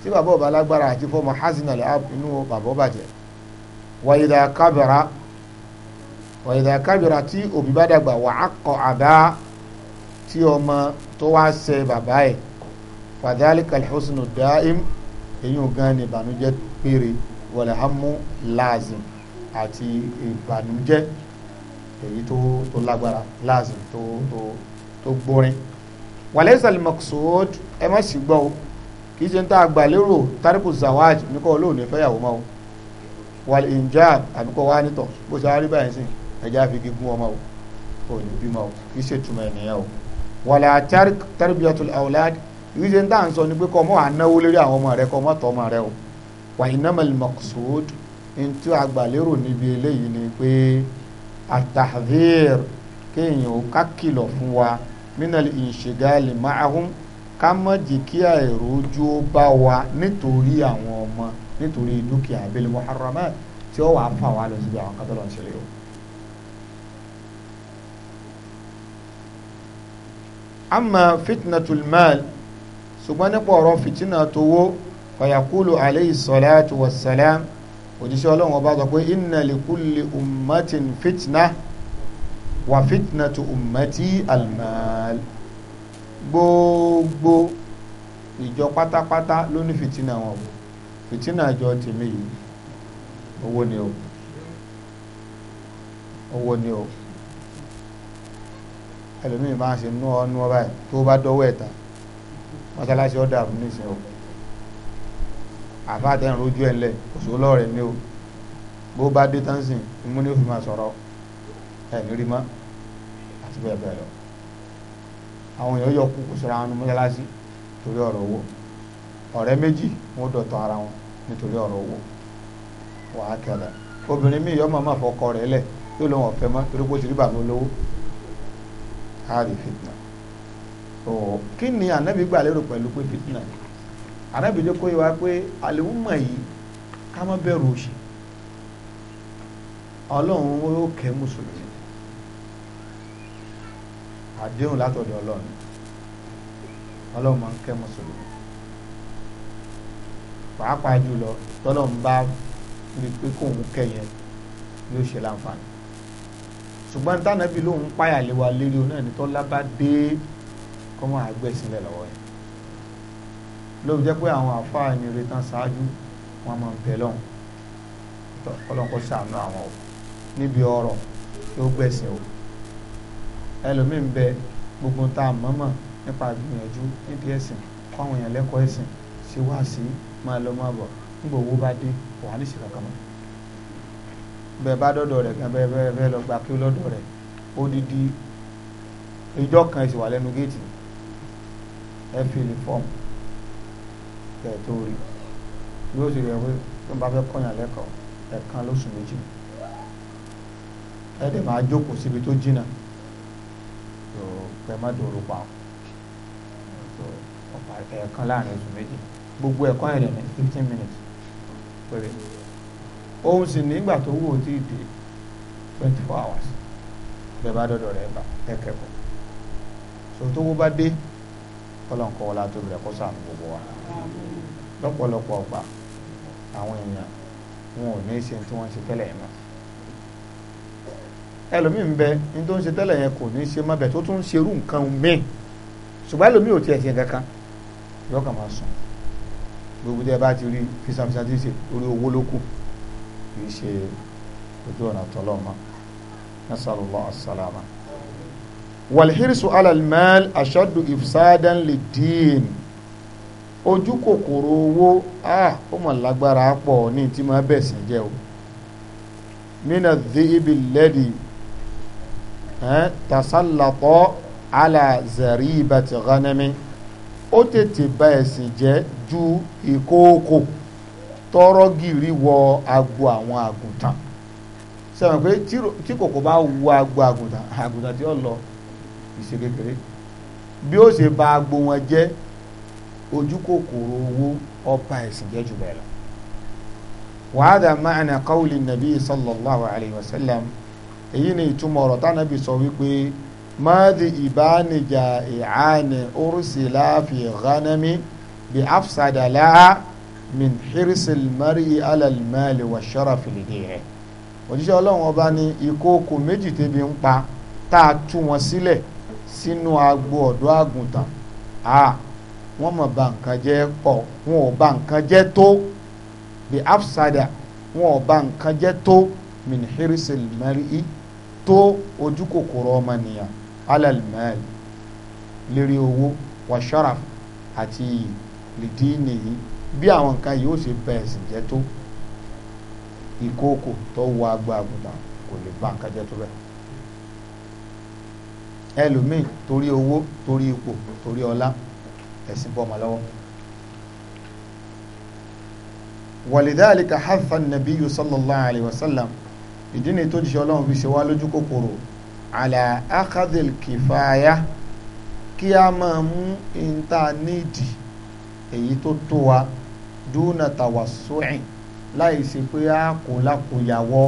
tí bàbá ọba alágbára àti fọmọ hasin àlẹ́ ab inú bàbá bàjẹ́ wàyídà kábìrà wàyídà kábìrà tí òbí bá dàgbà wà á kọ àbá tí ọmọ tó wá ṣe bàbá ẹ̀ fàdálì kàlhùsùn dáìm èyí ò gan ni ìbànújẹ́ péré wọlé hamu láàzìm àti ìbànújẹ́ èyí tó lágbára láàzìm tó gbórin wàlẹ́sà mọ̀kṣọ́d ẹ má sì gbọ́ o kì í ṣe ń tá a gbà lérò tárìkù zawaj ní kò lóun fẹ́yàwó mọ́ o wàlẹ́ injab àbí kò wá nítọ̀ bó ṣe arí báyìí sìn ẹja fi gígún ọmọ o ò ní bímọ o kì í ṣe túmọ̀ ènìyàn o wàlẹ́ tárìbíyàtul awlad kì í ṣe ń tá à ń sọ ni pé kọ́ mọ́ ànáwó lórí àwọn ọmọ rẹ kọ́ mọ́ tọ́ ọmọ rẹ o wà minal ìṣègàlè máàhùn ká má jẹ́ kí àìrójú ó bá wa nítorí àwọn ọmọ nítorí dúkìá abẹ́lẹ̀ muharramat tí ó wàá fà wá lọ síbi àwọn kátó lọ ń ṣẹlẹ̀ o. amma fitnatul mal ṣùgbọ́n nípa ọ̀rọ̀ fitina tówó fayakulu alayhi salatu wassalam òjíṣẹ́ ọlọ́run ọba sọ pé inna likulli ummatin fitna wà fitnatu ummati almal gbogbo ìjọ pátápátá ló ní fìtínà wọn o fìtínà àjọ tèmi yìí owó ni o owó ni o ẹlòmíì máa ṣe nú ọ nú ọ báyìí tó bá dọ́wọ́ ẹ̀ta mọ́ṣáláṣí ọ̀dà fún nísìnyí o àfa àtẹ̀yìn rojú ẹ̀ ńlẹ̀ òṣòwò lọ́ọ̀rẹ́ ni o bó bá dé tán sìn imú máa sọ̀rọ̀ ẹ̀ nírí mọ́ àti bẹ́ẹ̀ bẹ́ẹ̀ lọ àwọn èèyàn yọ kú kò ṣe ra wọn ní mọ́ṣáláṣí torí ọ̀rọ̀ owó ọ̀rẹ́ méjì wọ́n dọ̀tọ̀ ara wọn nítorí ọ̀rọ̀ owó wàá kẹlẹ̀ obìnrin míì yọmọ máa fọkọ rẹ̀ lẹ̀ yóò lóun ọ̀fẹ́ mọ́ torí pé ti rí bàbá olówó hàrí fitna o kí ni ànábì gbà lérò pẹ̀lú pé fitna ànábì lè kó yẹ wá pé àlèhùnmọ̀ yìí ká má bẹ̀rù òṣì ọlọ́run ó kẹ́ mùsùlùmí àdéhùn látọ̀dọ̀ ọlọ́run ọlọ́run máa ń kẹ́ mùsùlùmí pàápàá jùlọ tọ́lọ́run bá rí pé kóun kẹ́yẹ yóò ṣe láǹfààní ṣùgbọ́n tánàbí lòun páyà lé wa lérí onáà ní tọ́lá bá dé kọ́mọ àgbẹ̀sílẹ̀ lọ́wọ́ yẹn lóbi jẹ́ pé àwọn àfáà ní retán ṣáájú wọn máa ń bẹ̀ lọ́hùn kọ́lọ́n kó ṣàánú àwọn o níbi ọ̀rọ̀ yóò gbẹ̀sìn o ẹlòmíín bẹ gbogbo tá a mọ̀mọ̀ nípa gbìyànjú níbi ẹ̀sìn kọ́ àwọn èèyàn lẹ́kọ̀ọ́ ẹ̀sìn ṣe wá sí máa lọ máa bọ̀ nígbà owó bá dé wà ní ìṣẹ̀lẹ̀ kan mọ́ bẹ́ẹ̀ bá dọ́dọ̀ rẹ̀ gan bẹ́ẹ̀ bẹ́ẹ̀ bẹ́ẹ̀ lọ gba kí ó lọ́dọ̀ rẹ̀ odidi ìjọ kan ẹ̀sìn wà lẹ́nu géètì ẹ fi lè fọ́ọ̀mù kẹ̀ tó rí yóò sì rẹ̀ wí tó bá fẹ́ kọ́yàn lẹ́kọ̀ọ́ ẹ̀kan lóṣù méjì ẹ̀ẹ́dẹ̀ máa jókòó síbi tó jìnnà so pẹ má dòrò pa so ọ̀pá ẹ̀ẹ̀kan láàrin oṣù méjì gbogbo ẹ̀kọ́ ẹ̀rẹ̀ ní fifteen minutes péré òun sì nígbà tó wù ó ti dé twenty four hours bẹ́ẹ̀ bá dọ́dọ̀ rẹ̀ bá ẹ̀kẹ́kọ̀ọ́ so tó wó bá dé kọ́lọ́nkọ́ wọlá tó bẹ̀rẹ̀ kó sàmù gbogbo wa lọ́pọ̀lọpọ̀ ọgbà àwọn èèyàn wọn ò ní í ṣe tí wọ́n ti tẹ́lẹ̀ náà ẹlòmíì ń bẹ ní tó ń ṣe tẹ́lẹ̀ yẹn kò ní ṣe má bẹ̀ tó tún ń ṣerú nǹkan míì ṣùgbọ́n ẹlòmíì ò tiẹ̀ ṣe kankan yóò kàn máa sùn gbogbo tẹ́ bá ti rí fisafisa ti ṣe orí owó ló kù kì í ṣe ojú ọ̀nà tọ́lọ́ ọmọ nasalu asalama walhirisu alalmal ashadu ifsadan lidin ojú kòkòrò owó ah, ó mọ̀ lágbára pọ̀ ní tí máa bẹ̀sìn jẹ́ o mina dhibi lẹ́dìí tasallatọ ala zaribati ghanami ó tètè ba ẹ̀sìn jẹ́ ju ìkookò tọrọ gìrì wọ agbo àwọn àgùntàn sẹ́wọ̀n pé tí kòkò bá wọ agbo àgùntàn àgùntàn tí ó lọ ìṣe kékeré bí ó ṣe ba agbo wọn jẹ́ ojú kòkòrò owó ọba ẹ̀sìn jẹ́ jù bẹ́ẹ̀ lọ. wàhádà máa nà kọ́wùlì nàbí sallallahu alayhi wa sallam èyí ni ìtumọ̀ ọ̀rọ̀ tánàbí sọ wípé máàdì ìbánijà ìhánì orísìlá fi ghanami bí afsadàlá min hirisil mari alalmali wa sharafil diẹ òjíṣẹ́ ọlọ́run ọba ní ìkookò méjì tẹ́bi ń pa tá a tú wọn sílẹ̀ sínú agbo ọ̀dọ́ àgùntàn a wọ́n mọ̀ bà nǹkan jẹ́ pọ̀ wọn ò bà nǹkan jẹ́ tó bí afsada wọn ò bà nǹkan jẹ́ tó min hirisil mari alalmali tó ojú kòkòrò ọmọnìyàn alalmal lérí owó washaraf àti lìdí nìyí bí àwọn nǹkan yìí ó ṣe bẹ ẹ̀sìn jẹ́ tó ìkookò tó wọ agbo àgùntàn kò lè bá nǹkan jẹ́ tó bẹ́ẹ̀ ẹlòmíì torí owó torí ipò torí ọlá ẹ̀sìn bọ́ ọmọ lọ́wọ́. ولذلك حث النبي صلى الله عليه وسلم ìdí ni tó jíṣẹ́ ọlọ́run fi ṣe wá lójú kòkòrò àlà akadil kìfàyà kí a máa mú íńtánẹ́ẹ̀tì èyí tó tó wa dúnà tàwàsóìn láì ṣe pé a kò lákòyàwọ́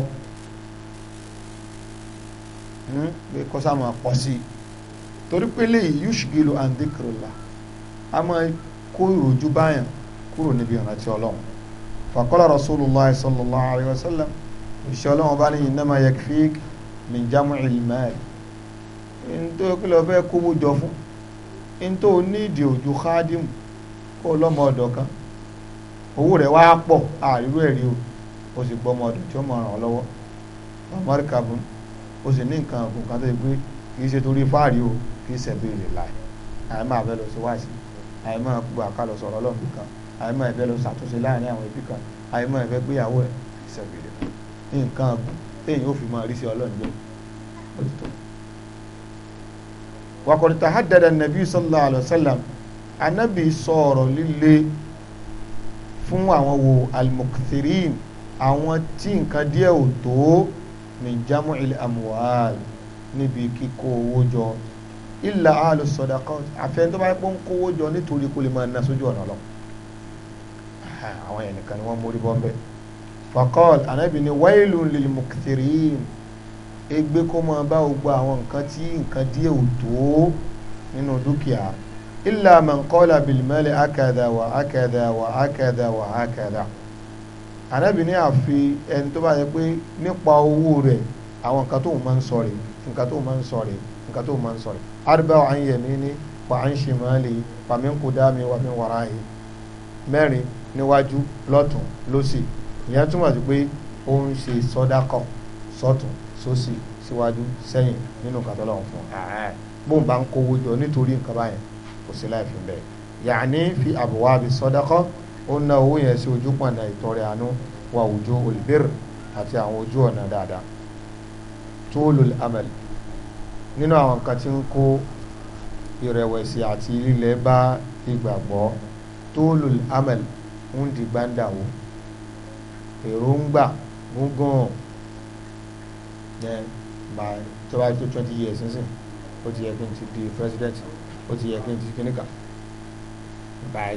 hmm? pé kó máa pọ̀ sí i torí pé léyìí yushgilu an dhikrullah a máa kó ìròjú báyàn kúrò níbi ìrántí ọlọ́run faqala rasulullah sallallahu alayhi wa sallam ìṣọlọ́ wọn bá ní innama yakfik min jam'il mal ntó kílọ̀ fẹ́ kówó jọ fún ntó nídìí òjò kádìmù kó lọ́mọ ọ̀dọ̀ kan owó rẹ̀ wá pọ̀ àìrú ẹ̀rí o o sì gbọ́ ọmọ ọ̀dọ̀ tí ó mọ̀ ràn ọ́ lọ́wọ́ ọmọdé kàbọ̀n o sì ní nǹkan ọ̀gùn kan tó yẹ pé kì í ṣe torí fáàrí o kì í ṣẹ̀bi rè láì àyè máa fẹ́ lọ sí wáàsí àyè máa gbọ́ àkàlọ̀ sọ̀rọ̀ ọlọ́run kan àyè máa fẹ́ lọ ṣàtúnṣe láàrin àwọn ẹbí kan àyè máa fẹ́ gbéyàwó ẹ̀ kì í ṣẹ̀bi rè nǹkan àgùn téèyàn ó fi máa rí sí ọlọ́run jẹ́ òtítọ́. waqad tahaddada nàbí sallallahu alayhi wa sallam anábì sọ ọ̀rọ̀ líle fún àwọn wo almukthirin àwọn tí nǹkan díẹ̀ ò tó min jam'il amwal níbi kíkó owó jọ illa ahlu sadaqat àfẹn tó bá yẹ kó ń kówó jọ nítorí kó lè máa ná sójú ọ̀nà lọ àwọn yẹn nìkan ni wọ́n mórí bọ́ fakọ́ọ̀lù anábì ní wáìlù lilmukthirin egbe kó máa bá gbogbo àwọn nǹkan tí nǹkan díẹ̀ ò tó nínú dúkìá illa man qala bilmali akada wa akada wa akada wa akada anábì ní àfi ẹni tó bá yẹ pé nípa owó rẹ̀ àwọn nǹkan tó máa ń sọ rẹ̀ nǹkan tó máa ń sọ rẹ̀ nǹkan tó máa ń sọ rẹ̀ arba an yamini wa an shimali wa min qudami wa min warahi mẹ́rin níwájú lọ́tún lósì ìyẹn túmọ̀ sí pé ó ń ṣe sọ́dákọ̀ sọ́tún sósì síwájú sẹ́yìn nínú nǹkan tó lọ́wọ́ fún un bóun bá ń kówó jọ nítorí nǹkan báyẹn kò sí láì fi bẹ́ẹ̀ yàní fi àbùwá bi sọ́dákọ̀ ó ná owó yẹn sí ojú pọ̀nà ìtọrẹ àánú wa ojú olùbẹ̀rù àti àwọn ojú ọ̀nà dáadáa tó lòlù amẹ̀l nínú àwọn nǹkan tí ń kó ìrẹ̀wẹ̀sì àti lílẹ̀ bá ìgbàgbọ́ tó lòlù amẹ̀l ń di gbàǹdà wò èròǹgbà gúngàn then by tó bá tó twenty years nísìn ó ti yẹ kí n ti di president ó ti yẹ kí n ti kíníkà by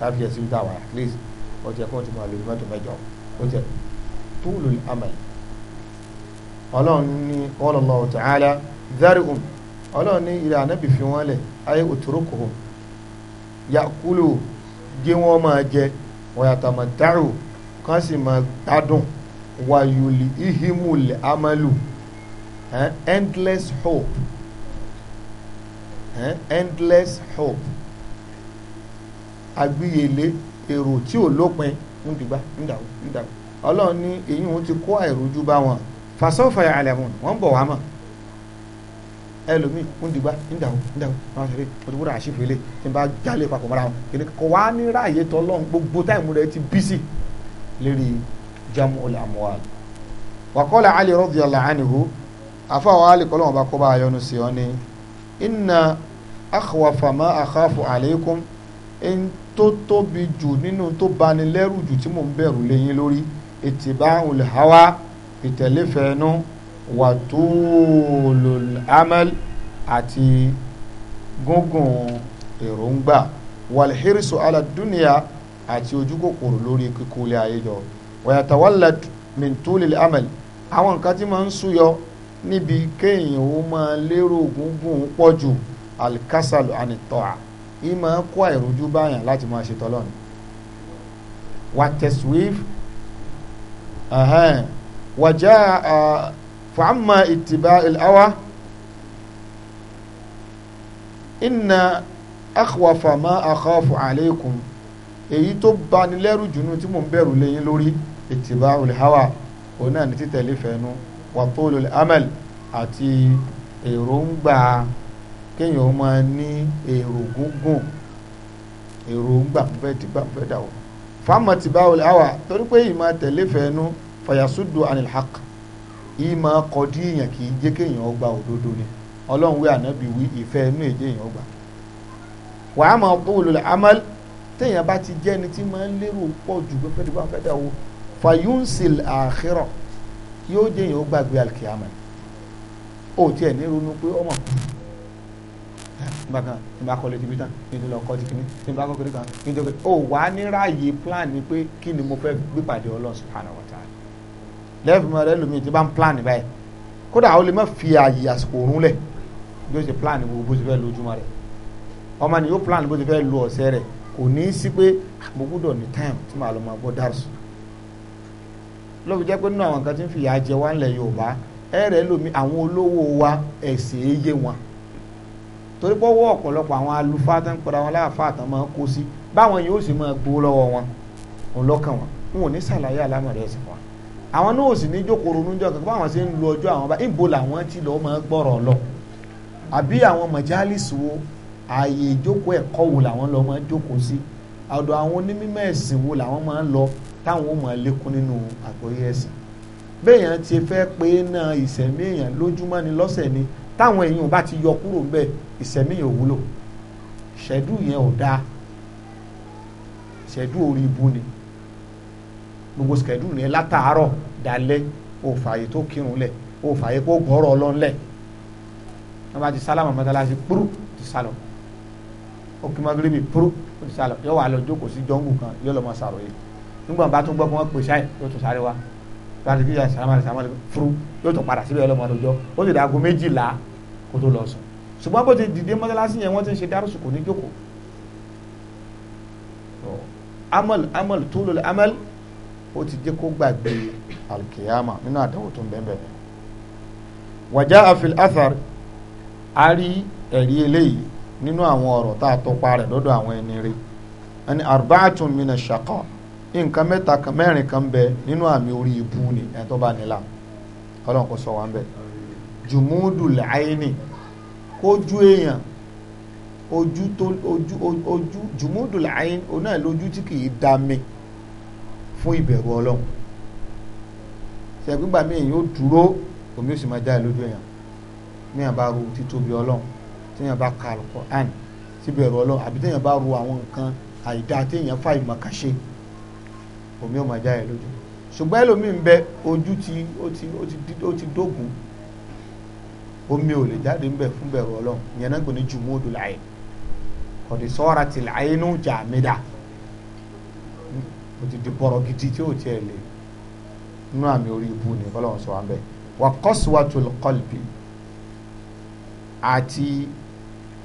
five years ibi wà at least ó ti yẹ kí wọ́n ti máa lo mọ́tò mẹ́jọ ó ti yẹ tó lò ní amẹ́ ọlọ́run ní wallahu ta'ala dharihum ọlọ́run ní ilẹ̀ anábì fi wọ́n lẹ̀ ayé utrukuhum ya'kulu gé wọ́n máa jẹ wa yatamatta'u kán sì máa gbádùn wayuli ihimul amalu eh? endless hope eh? endless hope agbíyèlé èrò tí ò lópin ń dìgbà ń dàwó ń dàwó ọlọ́run ní èyí wọn ti kó àìrójú bá wọn fasọ́fà àlẹ́mùn wọ́n ń bọ̀ wá mọ̀ ẹlòmíì ń dìgbà ń dàwó ń dàwó wọn ṣe lè wọ́n ti tí n bá jálè papọ̀ mọ́ra wọn kò wá ní ráàyè tọ́lọ́run gbogbo táìmù rẹ ti bí sí i lérí jam'ul amwal wàkọ́lá ali radiyallahu anhu afáwọ̀ ali kọ́lọ́wọ́n bá kọ́ bá yọnu sí ọ ní inna akhwafa ma akhafu alaykum in tó tóbi jù nínú tó bani lẹ́rù jù tí mò ń bẹ̀rù lẹ́yìn lórí ittiba'ul hawa ìtẹ̀lẹ́fẹ̀ẹ́nu wàtúùlùl amal àti gúngùn èròǹgbà wàlhírísù ala àti ojú kòkòrò lórí kíkó ilé ayé lọ wàyàtàwálà mintulil amal àwọn nǹkan tí máa ń súyọ níbi kéèyàn ó máa lérò gúngùn pọ̀ jù alikasalu anitọ́a ìmọ̀ kó àìrójú báyàn láti máa ṣe tọ́lọ́nù wàtẹ̀swif wàjá fàámà ìtìbá ìlàwà inna akhwafa ma akhafu èyí tó bani lẹ́rù jùnú tí mò ń bẹ̀rù lẹ́yìn lórí ìtìbá olùhàwà òun náà ní títẹ̀lé fẹ́nu wàtólò amẹ́l àti èròǹgbà kéèyàn ó máa ní èrò gúngùn èròǹgbà fẹ́ tìbá fẹ́ dàwọ̀ fáwọn tìbá olùhàwà torí pé ìmọ̀ tẹ̀lé fẹ́nu fàyàsúdù anilhaq ìmọ̀ kọdí èèyàn kì í jẹ́ kéèyàn ó gba òdodo ni ọlọ́run wí ànábì wí ìfẹ́ inú èjì èèyàn ó gbà wàá máa kó olùlẹ̀ amẹ́l téèyàn bá ti jẹ́ ẹni tí máa ń lérò pọ̀ jù pé pé nípa fẹ́ dáwọ́ fayunsil àkhírà yóò jẹ́ èèyàn ó gbàgbé alikiyama ó tiẹ̀ ní ronú pé ọmọ nígbà kan nígbà kọ́ lè ti bí tán nígbà lọ kọ́ ti kíní nígbà kọ́ kíní kan nígbà kọ́ ó wà á ní ráàyè plan ni pé kí ni mo fẹ́ gbé pàdé Ọlọ́run subhanahu wa ta'ala lẹ́ẹ̀fì mọ́ rẹ lómi ti bá ń plan báyìí kódà ó lè má fi àyè àsìkò òrùn lẹ̀ bí ó ṣe plan wo bó ṣe fẹ́ lójúmọ́ rẹ̀ ọmọ ni yóò plan bó ṣe fẹ́ lo ọ̀sẹ̀ rẹ̀ kò ní í sí pé mo gbúdọ̀ ní time tí màá lọ máa gbọ́ dárùsù ló fi jẹ́ pé nínú àwọn nǹkan tí ń fi ìyà wá ńlẹ̀ Yorùbá ẹ̀rẹ̀ lómi àwọn olówó wa ẹ̀sìn eyé wọn torí pọ́wọ́ ọ̀pọ̀lọpọ̀ àwọn alufáà tó ń pẹ̀lú àwọn aláàfáà tó máa kó sí báwọn yóò sì máa gbowó lọ́wọ́ wọn òun lọ́kàn wọn n ò ní sàlàyé àlámọ̀rẹ́ ẹ̀sìn fún wa àwọn náà ò sì ní jókòó ronú jọ kẹ́kọ̀ọ́ àwọn ṣe ń lo ọjọ́ àwọn bá ìbò làwọn ti lọ́ọ́ máa gbọ́rọ̀ lọ àbí àwọn mọ̀jálìsì wo ààyè ìjókòó ẹ̀kọ́ wo làwọn lọ máa jókòó sí ọ̀dọ̀ àwọn onímọ̀ ẹ̀sìn wo làwọn máa lọ táwọn ó máa lékún nínú àgbọ́yé ẹ̀sìn béèyàn ti fẹ́ pé náà ìsẹ̀mí èèyàn lójúmọ́ ni lọ́sẹ̀ ni táwọn èèyàn bá ti yọ kúrò ńbẹ̀ ìsẹ̀mí yẹn ò wúlò ṣẹ̀dú yẹn ò dáa ṣẹ̀dú orí ibu ni gbogbo ṣẹ̀dú yẹn látàárọ̀ dalẹ́ òfààyè tó kírun lẹ̀ òfààyè kó gbọ́rọ̀ ọlọ́ńlẹ̀ wọ́n bá ti sálámà mọ́tálásí kúrú ti sálọ̀ òkè magrebi púrú ó ti sálọ yóò wà lọ jókòó sí jọ́ngù kan yóò lọ mọ sàròyé nígbà bá tún gbọ́ pé wọ́n pè sáì yóò tún sáré wa láti kí yàrá sàmàlì sàmàlì fúrú yóò tún padà síbẹ̀ ọlọ́mọ lọ́jọ́ ó ti dàgó méjìlá kó tó lọ sùn ṣùgbọ́n bó ti dìde mọ́tálásí yẹn wọ́n ti ń ṣe dárúsù kò ní jókòó amal amal tulul amal ó ti jẹ́ kó gbàgbé alkiyama nínú àdánwò tó ń bẹ́ẹ̀ bẹ́ẹ̀ wàjá àfil athar a ẹ̀rí eléyìí nínú àwọn ọ̀rọ̀ tá a tọpa rẹ̀ lọ́dọ̀ àwọn ẹni rí ẹni arbaatun mina ṣàkọ nǹkan mẹ́ta kan mẹ́rin kan bẹ nínú àmì orí ibu ni ẹ̀ tó bá nílà ọlọ́run kò sọ wá ń bẹ̀ jùmúdù làáyínì kójú èèyàn ojú tó ojú ojú jùmúdù làáyín oná ẹ̀ lójú tí kìí dá mi fún ìbẹ̀rù ọlọ́run ṣẹ̀gbígbà mi èèyàn dúró omi ó sì máa já lójú èèyàn mi àbá ro títóbi ọlọ́run téèyàn bá ka alukur'an síbi ẹ̀rọ ọlọ́run àbí téèyàn bá ro àwọn nǹkan àìdáa téèyàn fà ìmọ̀ọ́kà ṣe omi ò máa já ẹ lójú ṣùgbọ́n ẹlòmíì ń bẹ ojú ti ó ti ó ti ó ti dógùn omi ò lè jáde ń bẹ fún bẹ̀rù ọlọ́run ìyẹn náà gbọ́n ní jùmọ́ọ̀dù láàyè kọ̀dé sọ́ra ti láàyè nù jà mí ó ti di bọ̀rọ̀ gidi tí ó tiẹ̀ lè nú àmì orí ibu ni ọlọ́run sọ wá ń bẹ̀ wà kọ́sùwàtò kọ́lbì àti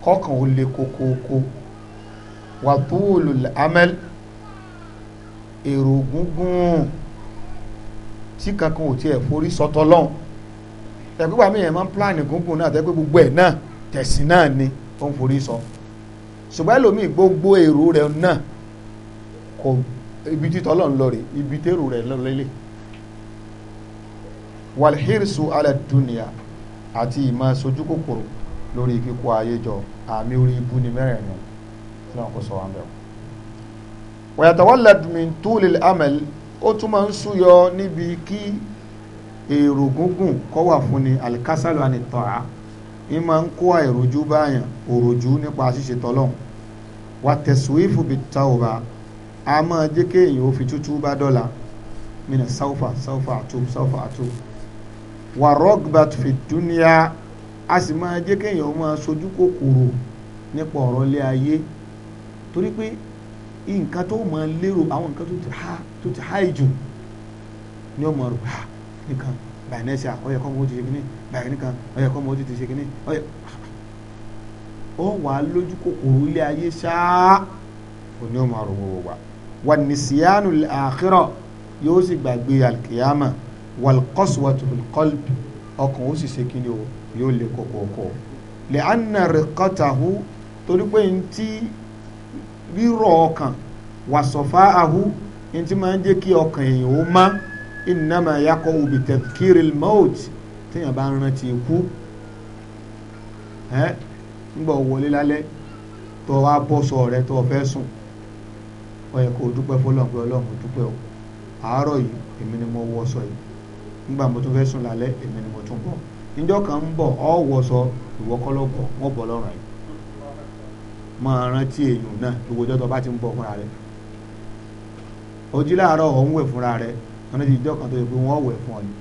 kọ́kàn ó le kókóókó wà tó wòlò amẹ́l èrò gúngún tí kankan ò tiẹ̀ forí sọtọ lọ́hùn tẹ̀gbẹ́ bàmí yẹn máa ń pílánì gúngún náà tẹ́gbẹ́ gbogbo ẹ̀ náà tẹ̀sìn náà ni ó ń forí sọ ṣùgbọ́n ẹlòmíì gbogbo èrò rẹ̀ náà kò ibi títọ́ lọ́n lọ rè ibi tẹ́rù rẹ̀ lọ lélẹ̀ wàlhírìsù alẹ́ dùnìyà àti ìmọ̀ sojú kòkòrò lórí kíkó ayé jọ àmì orí ibú ni mẹ́rẹ̀ẹ̀rin náà kò sọ wá bẹ́ẹ̀. wàyàtàwọ́lẹ̀ min túlì amẹ́l ó tún máa ń súyọ níbi kí èrò gúngùn kọ́ wà fún ni alikásálù àni tọ́ra ní máa ń kó àìrojú báyàn òròjú nípa ṣíṣe tọ́lọ́hún wà tẹ̀síwìfù bí tàwọ̀bà a máa jẹ́ kéèyàn ó fi bá dọ́là mina sáwùfà sáwùfà àtúb sáwùfà àtúb wà rọ́gbàtù fi dúníà a sì máa jẹ́ kéèyàn máa sojú kòkòrò nípa ọ̀rọ̀ ilé ayé torí pé nǹkan tó máa lérò àwọn nǹkan tó ti há tó ti há ìjù ni ó máa rò ha ah, nìkan báyìí náà ṣe à ọyẹ kọ́ mo ti ṣe kínní báyìí nìkan ọyẹ kọ́ mo ti ṣe kínní ọyẹ ọ wàá lójú kòkòrò ilé ayé ṣáá kò ní ó rò wọ́wọ́ wa wà nìṣíyánu àkírọ̀ yóò sì gbàgbé alkiyama wàlkọ́sùwàtò bilqalbi ọkàn ó sì ṣe kínní o. yóò lé kọ̀kọ̀ọ̀kọ̀ lè anna riqatahu torí pé ntí rírọ̀ ọkàn wàsọ̀fà ahu ntí máa ń jẹ́ kí ọkàn èèyàn ó má innama yakọ̀ ubi tadhkiril maut téèyàn bá rántí ikú ẹ́ nígbà wọlé lálẹ́ tó wá bọ́ sọ rẹ tó fẹ́ sùn ó o pé ọlọ́run mo o àárọ̀ yìí èmi ni mo wọ sọ yìí nígbà mo tún sùn èmi ni mo tún bọ. níjọ́ kan ń bọ̀ ọ́ wọṣọ ìwọ kọ́lọ́kọ̀ wọ́n bọ̀ lọ́rùn rẹ̀ máa rántí èèyàn náà gbogbo ọjọ́ tó bá ti ń bọ̀ fúnra rẹ̀ ojú láàárọ̀ ọ̀ ń wẹ̀ fúnra rẹ̀ rántí ìjọ́ kan tó yẹ pé wọ́n wẹ̀ fún ọ ni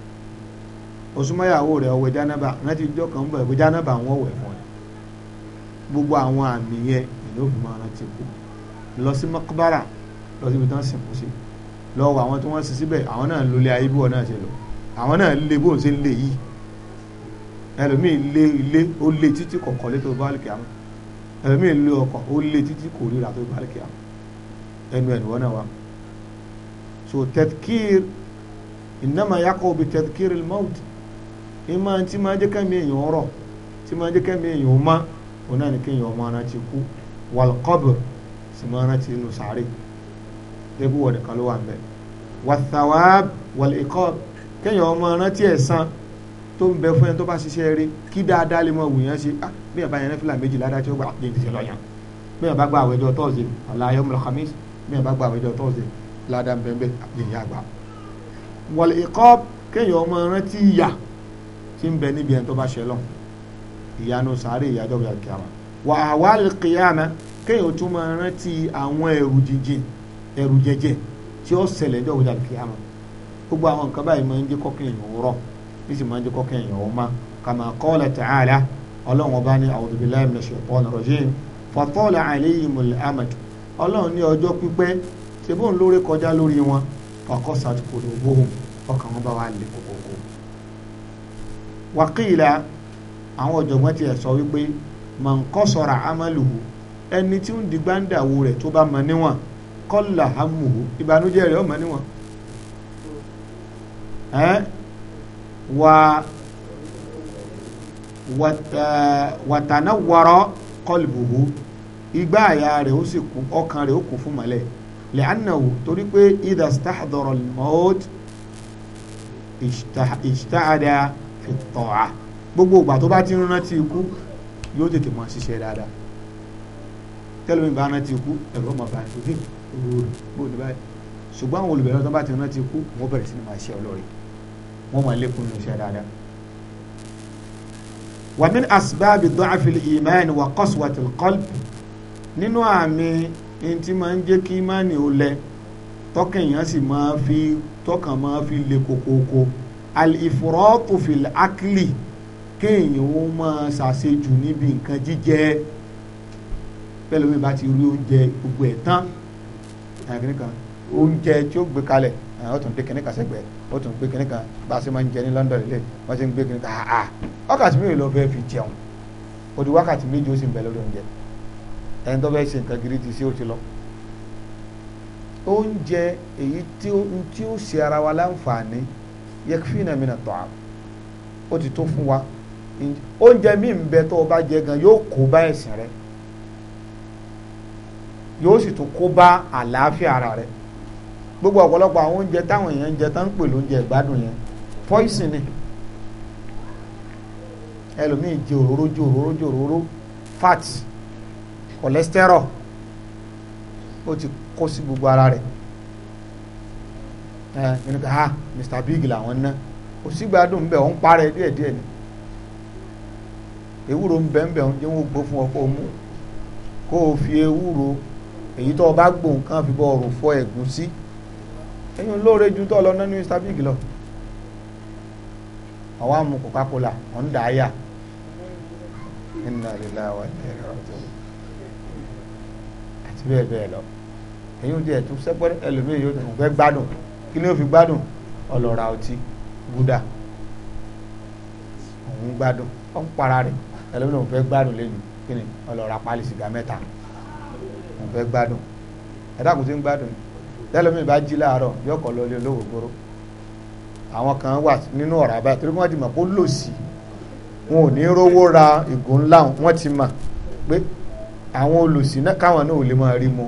osùmọ́yàwó rẹ̀ ọ̀wẹ̀ jánábà rántí ìjọ́ kan ń bọ̀ ẹ̀wẹ̀ jánábà wọ́n fún ọ ni gbogbo àwọn àmì yẹn ìlú òfin máa rántí kú lọ sí mọ́kúbárà lọ síbi tán sìnkú sí lọ́wọ́ àwọn tí wọ́n sì síbẹ̀ àwọn náà lólé ayé náà ṣe lọ àwọn náà lé bóun ṣe ń lé yìí ẹlòmíì lé ilé ó lé títí kọ̀ọ̀kan lé tó bá lè kíá ẹlòmíì lé ọkọ̀ ó lé títí kò ríra tó bá lè kíá ẹnu ẹnu wọn náà wà. so tẹ̀kír ìnáma yakọ̀ òbí tẹ̀kír mọ́ọ̀d ìmọ̀ tí máa jẹ́ kẹ́mi èèyàn rọ̀ tí máa jẹ́ kẹ́mi èèyàn má òun náà ní kéèyàn ọmọ ara kú wàlùkọ́bù sì máa rántí nínú sàárè débù wọ̀dẹ̀kan ló wà ń bẹ̀ wàtàwá wàlùkọ́bù kéèyàn ọmọ ara ti ẹ̀san tó ń bẹ fún ẹni tó bá ṣiṣẹ́ rí kí dáadáa lè mọ wùyàn ṣe ah bí ẹ̀ bá yẹn fìlà méjì ládàá tí ó gbà dé ìdíṣẹ́ lọ́yàn bí ẹ̀ bá gba àwẹ̀jọ tọ́sídẹ̀ẹ́ ọ̀la ayọ́mọlá khamis bí ẹ̀ bá gba àwẹ̀jọ tọ́sídẹ̀ẹ́ ládàá bẹ́ẹ̀ yẹn àgbà. wọ̀lẹ̀ ikọ́ kéèyàn ọmọ rántí ìyà tí ń bẹ níbi ẹni tó bá ṣẹlọ̀ ìyanu sàárè ìyájọ́ bí akíyàmà wà níṣì máa ń jẹ́ kọ́kẹ́ èèyàn ó má kàmá qala ta'ala ọlọ́run ọba ní a'udhu billahi minash shaitani rajim fatala alayhimul amad ọlọ́run ní ọjọ́ pípẹ́ ṣe bóun lóore kọjá lórí wọn faqasat qulubuhum ọkàn wọn bá wà lè kókókó. wàkìlá àwọn ọ̀jọ̀gbọ́n ti ẹ̀ sọ man qasara amaluhu ẹni tí ń di gbáǹdàwó rẹ̀ tó bá mọ níwọ̀n qalla hammuhu ìbànújẹ́ rẹ̀ ó mọ níwọ̀n. و wàtànáwọrọ kọlùbùhù igbá àyà rẹ̀ ó sì kú ọkàn rẹ̀ ó kún fún mọ́lẹ̀ lẹ́ànáwó torí pé idà stahdọ̀rọ̀ mọ́t ìṣtáàdà ìtọ̀à gbogbo ìgbà tó bá ti ń rántí ikú yóò tètè mọ̀ ṣiṣẹ́ dáadáa tẹ́lẹ̀ mi bá rántí ikú ẹ̀rọ ọmọ bá ní ṣùgbọ́n àwọn olùbẹ̀rẹ̀ tó bá ti rántí ikú wọ́n bẹ̀rẹ̀ sí ni máa ṣe ọlọ́rin wọ́n máa lékún ní iṣẹ́ dáadáa. wa min asbaabi du'afi al-iman wa qaswati al-qalb nínú àmì ntí máa ń jẹ́ kí ìmánì ó lẹ tọkàn èèyàn sì máa fi tọkàn máa fi le kokoko al-ifratu fil kéèyàn ó máa ṣàṣejù níbi nǹkan jíjẹ pẹ̀lú mi bá ti rí oúnjẹ gbogbo ẹ̀ tán oúnjẹ tí ó gbé kalẹ̀ ó tún gbé kínní kan sẹ́gbẹ̀ ó tún gbé kínní kan bá a ṣe máa ń jẹ ní London lè wọ́n ṣe ń gbé kínní kan ha wákàtí mi ò lọ fẹ́ fi jẹun odi wákàtí méjì ó sì ń bẹ lórí oúnjẹ ẹni tó fẹ́ ṣe nǹkan gidi ti ṣe ó ti lọ oúnjẹ èyí tí ó tí ó ṣe ara wa láǹfààní yẹkfínà mi nà tọ́ a ó ti tó fún wa oúnjẹ mi ń bẹ tó o bá jẹ gan yóò kó bá ẹ̀sìn rẹ yóò sì tún kó bá àlàáfíà ara rẹ. gbogbo ọ̀pọ̀lọpọ̀ àwọn oúnjẹ táwọn èèyàn ń jẹ tán ń pè lóúnjẹ ìgbádùn yẹn poison ni ẹlòmíì jẹ òróró jẹ òróró jẹ òróró fat cholesterol ó ti kó sí gbogbo ara rẹ̀ ẹ ẹni pé ha Mr Big làwọn ná kò sí gbádùn ń bẹ ọ̀ ń parẹ́ díẹ̀díẹ̀ ni ewúro ń bẹ ń bẹ ń jẹ́ wọ́n gbó fún ọ kó o mú kó o fi ewúro èyí tó o bá gbó nǹkan fi bọ́ ọ̀rọ̀ fọ ẹ̀gúsí. E ẹ̀yin olóore ju tọ́ lọ nínú istabik lọ àwa mu coca cola ọ̀n dà á yà inna lillahi wa inna ilaihi raji'un àti bẹ́ẹ̀ bẹ́ẹ̀ lọ ẹ̀yin ojú ẹ̀ tún sẹ́pẹ́rẹ́ ẹlòmíì yóò dùn fẹ́ gbádùn kí ni yóò fi gbádùn ọlọ́ra ọtí gúdà òun gbádùn ó ń para rẹ̀ ẹlòmíì òun fẹ́ gbádùn lẹ́yìn kí ni ọlọ́ra pálí sìgá mẹ́ta òun fẹ́ gbádùn ẹ̀dá kò sí gbádùn yìí tẹ́lẹ̀mí bá jí láàárọ̀ yóò kọ́ lọ ilé olówó gbóró àwọn kan wà nínú ọ̀rọ̀ àbáyé torí wọ́n ti mọ̀ kó lò sí wọn ò ní rówó ra ìgò ńlá wọn ti mọ̀ pé àwọn olùsí náà káwọn náà ò lè máa rí mu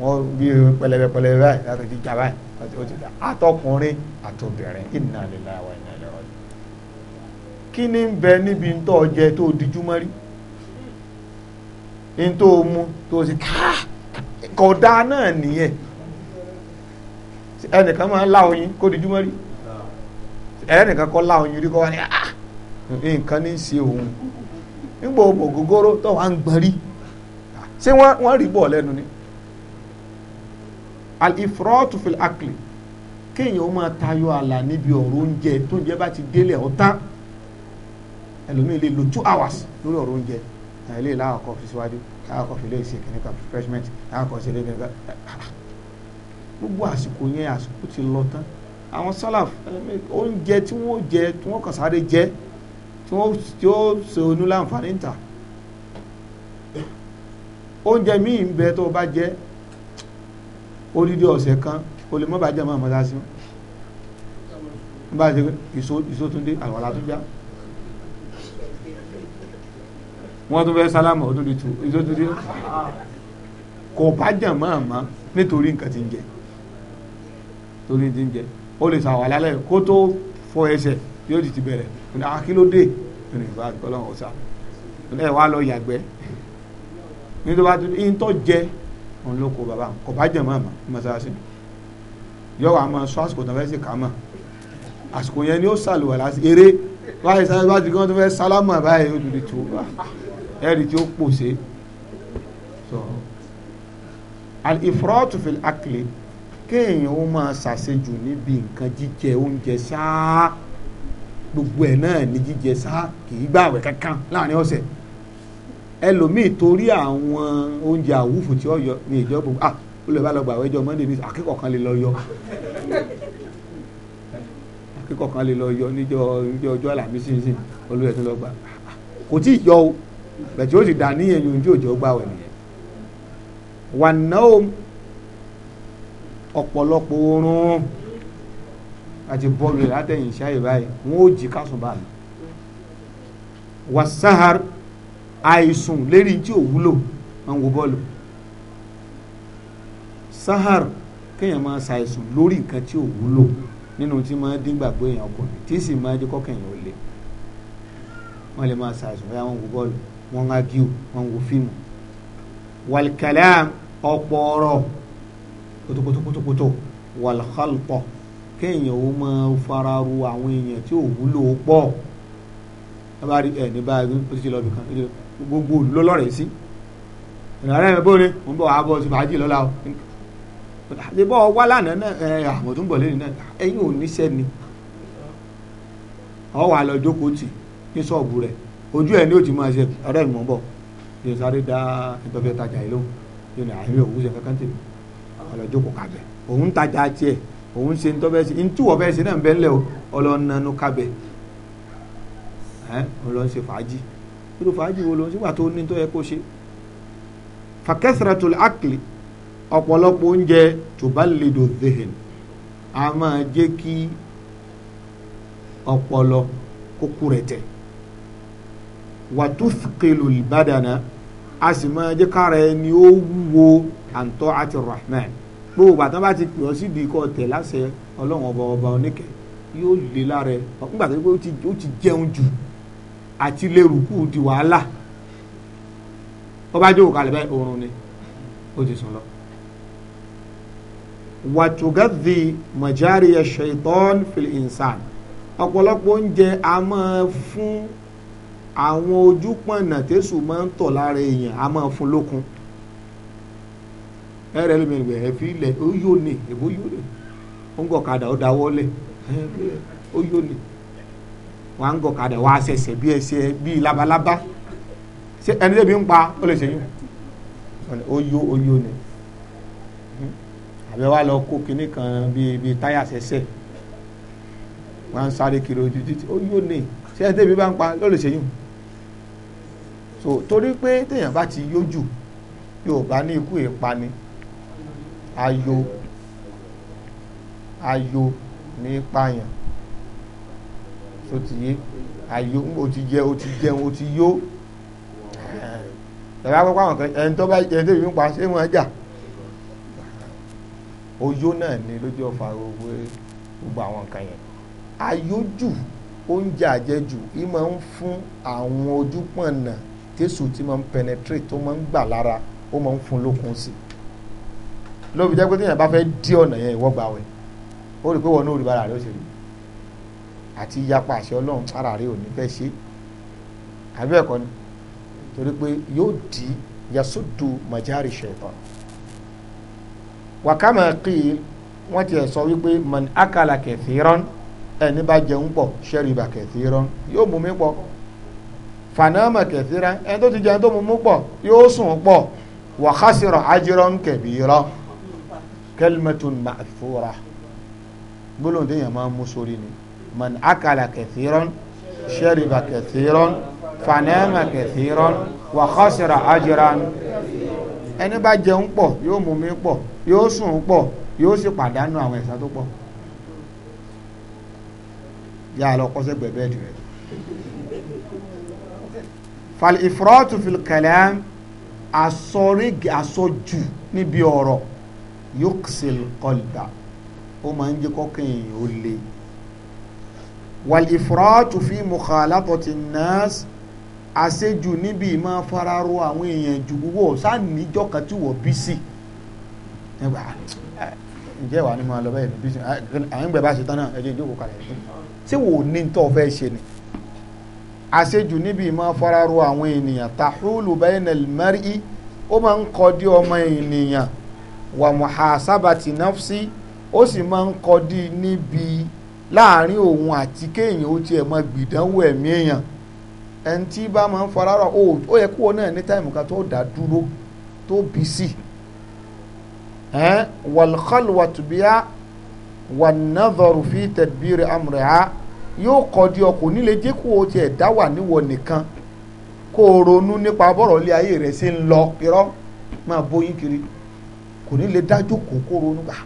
wọn bí pẹlẹbẹ pẹlẹbẹ báyìí láti ti jà báyìí ó ti dà àtọkùnrin àtobìnrin inna lillahi wa inna ilaihi raji'un. kí ni ń bẹ níbi ntọ́ jẹ tó dijú mọ́rí ntọ́ mu tó ti kọ́ da náà nìyẹn ẹnìkan máa ń lá oyin kó di júmọ́ rí ẹnìkan kọ́ lá oyin rí kọ́ wá ní ah nǹkan ní í ṣe òun nígbà òmò gógóró tó wà ń gbọ́n rí ṣé wọ́n rí bọ̀ lẹ́nu ni al-ifratu fil akli kéèyàn ó máa tayọ àlà níbi ọ̀rọ̀ oúnjẹ tó ń jẹ́ bá ti délẹ̀ ọ̀tán ẹlòmíì lè lo two hours lórí ọ̀rọ̀ oúnjẹ ilé ìlà àkọ́fì síwájú àkọ́fì ilé ìṣe kìnìkan refreshment àkọ́sí ilé kìnìkan gbogbo àsìkò yẹn àsìkò ti lọ tán àwọn sálàf oúnjẹ tí wọ́n jẹ tí wọ́n kàn sáré jẹ tí wọ́n tí ó ṣe onú láǹfààní ta oúnjẹ míì ń bẹ tó o bá jẹ odidi ọ̀sẹ̀ kan o lè mọ́ bàjẹ́ mọ́ àmọ́dá sí wọn bá a ṣe ìsótúndé àwọn alátúnjá wọ́n tún fẹ́ sálámù ọdún tuntun ìsótúndé kò bàjẹ́ mọ́ àmọ́ nítorí nǹkan tí ń jẹ torí ti ń jẹ ó lè sàwọn alálẹ̀ kó tó fọ ẹsẹ̀ yóò ti ti bẹ̀rẹ̀ ní akílódé ah, ní ìfà ọlọ́run ọ̀sà ẹ wá lọ yàgbẹ́ nítorí wàá tún ìyíntọ́ jẹ òun ló kó bàbá kò bá jẹ̀ mọ́ àmọ́ mọ́sálásí yọ wàá mọ sọ àsìkò tó fẹ́ sì kà mọ́ àsìkò yẹn ni ó sàlùwà láti eré báyìí sáré bá ti tó fẹ́ sálámà báyìí ó dùdú tó ẹ̀rì tí ó pòṣe so al ifrọ́tù fil akli kéèyàn ó máa ṣàṣejù níbi nǹkan jíjẹ oúnjẹ ṣáá gbogbo ẹ̀ náà ní jíjẹ ṣáá kì í gbààwẹ̀ kankan láàrin ọ̀sẹ̀ ẹlòmíì torí àwọn oúnjẹ àwùfù tí ó yọ ní ìjọba ah ó lè bá lọ gbààwẹ̀ ọjọ́ monday ní akẹ́kọ̀ọ́ kan lè lọ yọ akẹ́kọ̀ọ́ kan lè lọ yọ níjọ ọjọ́ àlàmísì nísìn olùyẹ̀ tó lọ gbà kò tí ì yọ o bẹ̀tí ó sì dà níyẹn yòóyìn tí òjò gbààwẹ̀ nìyẹn wà náà ọ̀pọ̀lọpọ̀ oorun àti bọ́ọ̀lù látẹ̀yìn ṣáyè báyìí wọ́n ó jí kásùn báyìí wasahar àìsùn lérí tí ò wúlò máa ń wo bọ́ọ̀lù sahar kéèyàn máa ṣàìsùn lórí nǹkan tí ò wúlò nínú tí máa dín gbàgbọ́ èèyàn ọkùnrin tí sì máa jẹ́ kọ́kẹ́yìn ò lè wọ́n lè máa ṣàìsùn bóyá wọ́n wo bọ́ọ̀lù wọ́n ń ágíù wọ́n ń wo fíìmù wàlìkàlẹ́ ọ̀pọ̀ ọ̀rọ̀ kótókótókótókótó wàlúkàlùpọ̀ kéèyàn ó máa fara ru àwọn èèyàn tí ò wúlò pọ̀ bá rí ẹ̀ ní ti ṣe lọ́ọ̀bì kan gbogbo òlú ló lọ́rẹ̀ẹ́ sí ìrànlẹ́ mi bó ni mo ń bọ̀ wá bọ́ sí fàájì lọ́la o ṣe bọ́ wá lánàá náà ẹ àwọn tó ń bọ̀ lẹ́yìn náà ẹ̀yin ò níṣẹ́ ni ọ wà lọ jókòó tì ní ṣọ́ọ̀bù rẹ̀ ojú ẹ̀ ní òtí máa ṣe ọ̀rẹ́ mi mọ̀ ń bọ̀ sáré dá ìgbẹ́fẹ́ tajà yìí lóhùn yóò ní àárín òwúṣẹ́ kankan tèmi ọlọ́jókòó kábẹ́ òun tajà tiẹ̀ òun ṣe ntọ́ bẹ́ẹ̀ ṣe ntí wọ́ bẹ́ẹ̀ ṣe náà bẹ́ẹ̀ lẹ̀ o ọlọ́nanu kábẹ́ ẹ́ ọlọ́n ṣe fàájì irú fàájì wo ló ń ṣe wà tó ní tó yẹ kó ṣe. fakẹ́sìrẹ́tùl akli ọ̀pọ̀lọpọ̀ oúnjẹ tùbálẹ̀dọ̀ zehen a máa jẹ́ kí ọpọlọ kókó rẹ̀ tẹ̀ wàtúfìkìlù ìbàdàn a sì máa jẹ́ kára ẹni ó wúwo àǹtọ́ àti rahman gbogbo bàtà bá ti pè ọ́ sídìí kọ́ tẹ̀ láṣẹ ọlọ́run ọba ọba oníkẹ́ yóò lé lára ẹ̀ nígbà tó ti ó ti jẹun jù àti lérúkú di wàhálà ọba jókòó kalẹ̀ báyìí oorun ni ó ti sùn lọ. wàtúgàdì mọ̀járì ṣaitan fil insan ọ̀pọ̀lọpọ̀ oúnjẹ a máa fún àwọn ojúpọ̀nà tẹ̀sùn máa ń tọ̀ lára èèyàn a máa fún lókun ẹrẹ lómi rẹ ẹ fi ilẹ̀ ó yóò ní èbó yóò ní ó ń gọ̀kadà ó dáwọ́ lẹ̀ ó yóò ní wà ń gọ̀kadà wà á ṣẹ̀ṣẹ̀ bí ẹsẹ̀ bí labalábá ṣé ẹni tẹ́bi ń pa ó lè ṣẹ́yìn ó yó ó yó ni àbẹ wa lọ kó kinní kan bíi bíi táyà ṣẹ̀ṣẹ̀ wà ń sáré kiri ojú títí ó yó ni ṣé ẹni tẹ́bi bá ń pa ó lè ṣẹ́yìn so torí pé téèyàn bá ti yójú yóò bá ní ikú ìpani. E ayo ayo ni pààyàn tó ti yé ayo o ti jẹ o ti jẹun o ti yó ẹ̀rọ akọ́kọ́ àwọn kan ẹni tó bá ẹni tó yìí ń pa ṣé wọ́n jà oyó náà ni lójú ọ̀fà owó gbogbo àwọn nǹkan yẹn ayójú oúnjẹ àjẹjù yìí máa ń fún àwọn ojúpọ̀nà tẹ̀sù tí máa ń penetrate tó máa ń gbà lára ó máa ń fún lókun sí i ló fi jẹ́ pé téèyàn bá fẹ́ dí ọ̀nà yẹn ìwọ gbà wẹ̀ ó rí pé wọn náà rí bára rẹ ó ṣe rí àti yapa àṣẹ ọlọ́run ara rẹ ò ní fẹ́ ṣe àbí ẹ̀kọ́ ni torí pé yóò di yasudu majari shaitan wàkàmà qil wọ́n ti sọ wípé man akala kathiran ẹni bá jẹun pọ̀ shariba kathiran yóò mú mi pọ̀ fanama kathiran ẹni tó ti jẹun tó mú mú pọ̀ yóò sùn pọ̀ wa khasira ajran kabira kalimatun ma'thura gbólóhùn tí èèyàn máa ń mú sórí ni man akala kathiran shariba kathiran fanama kathiran wa khasira ajran ẹni bá jẹun pọ̀ yóò mú mi pọ̀ yóò sùn pọ̀ yóò sì pàdánù àwọn ẹ̀san tó pọ̀ yà á lọ kọ́sẹ́ gbẹ̀bẹ́ dì fal ifratu fil kalam asọ̀jù níbi ọ̀rọ̀ yóksìl kọlba ó máa ń jẹ́ kọ́kàn ó le wàlìfúrọ́tù fi mùkàlátọ̀tì nọ́ọ̀sì àṣejù níbi ìmọ̀ fararo àwọn èèyàn jù wọ́ sáníjọ́ kan tí wọ́n bí sí ǹjẹ́ ìwà ni mo lọ bẹ́ẹ̀ bí sí àwọn ìgbẹ́ bá ṣe tán náà ẹ̀jẹ̀ ìjókòó kalẹ̀ tí wò ní tó fẹ́ ṣe ni àṣejù níbi ìmọ̀ fararo àwọn ènìyàn tahulu bayna al ó máa ń kọ́ di ọmọ ènìyàn wa muhasabati nafsi ó sì máa ń kọdí níbi láàrin òun àti kéèyàn ó tiẹ̀ mọ gbìdánwò ẹ̀mí èèyàn ẹni tí bá máa ń fara rọ ó yẹ náà ní táìmù kan tó dá dúró tó bí sí fi yóò nílé o tiẹ̀ dá wà nìkan kó o ronú nípa bọ́rọ̀ ilé ayé rẹ̀ ṣe ń lọ irọ́ máa kò ní lè dájú kó kó ronú gbà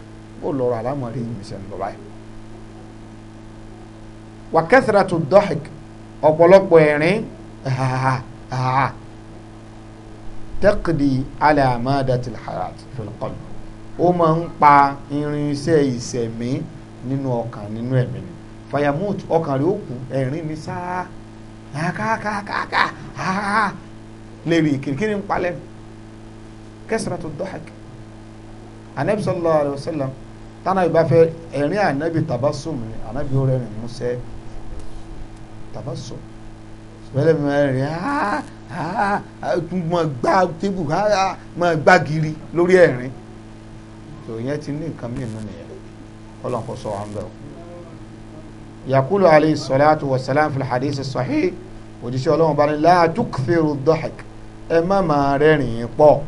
bó lọ́rọ̀ àlámọ̀rí yìí ṣe ń lọ báyìí. wà kẹ́sìrà tó dọ́hìk ọ̀pọ̀lọpọ̀ ẹ̀rín tẹ́kìdì alàmádàtì harat fìlkọ́lù ó máa ń pa irinṣẹ́ ìṣẹ̀mí nínú ọkàn nínú ẹ̀mí ni fayamut ọkàn rẹ̀ ó kù ẹ̀rín ni sáá kákákáká anabi sallallahu alayhi wa sallam tánà ìbá fẹ́ ẹ̀rín anabi tabasum ni anabi ó rẹ́rìn músẹ́ tabasum sọlẹ mi máa rìn áá áá mo gbá tébù áá mo gbá giri lórí ẹ̀rín tó yẹn ti ní nǹkan mìíràn nìyẹn kọlọ̀ kó sọ wọn bẹ́ẹ̀ o. yakulu alayhi salatu wa salam fi hadith sahih òjíṣẹ́ ọlọ́run bá ní tukfiru dhahik ẹ má máa rẹ́rìn-ín pọ̀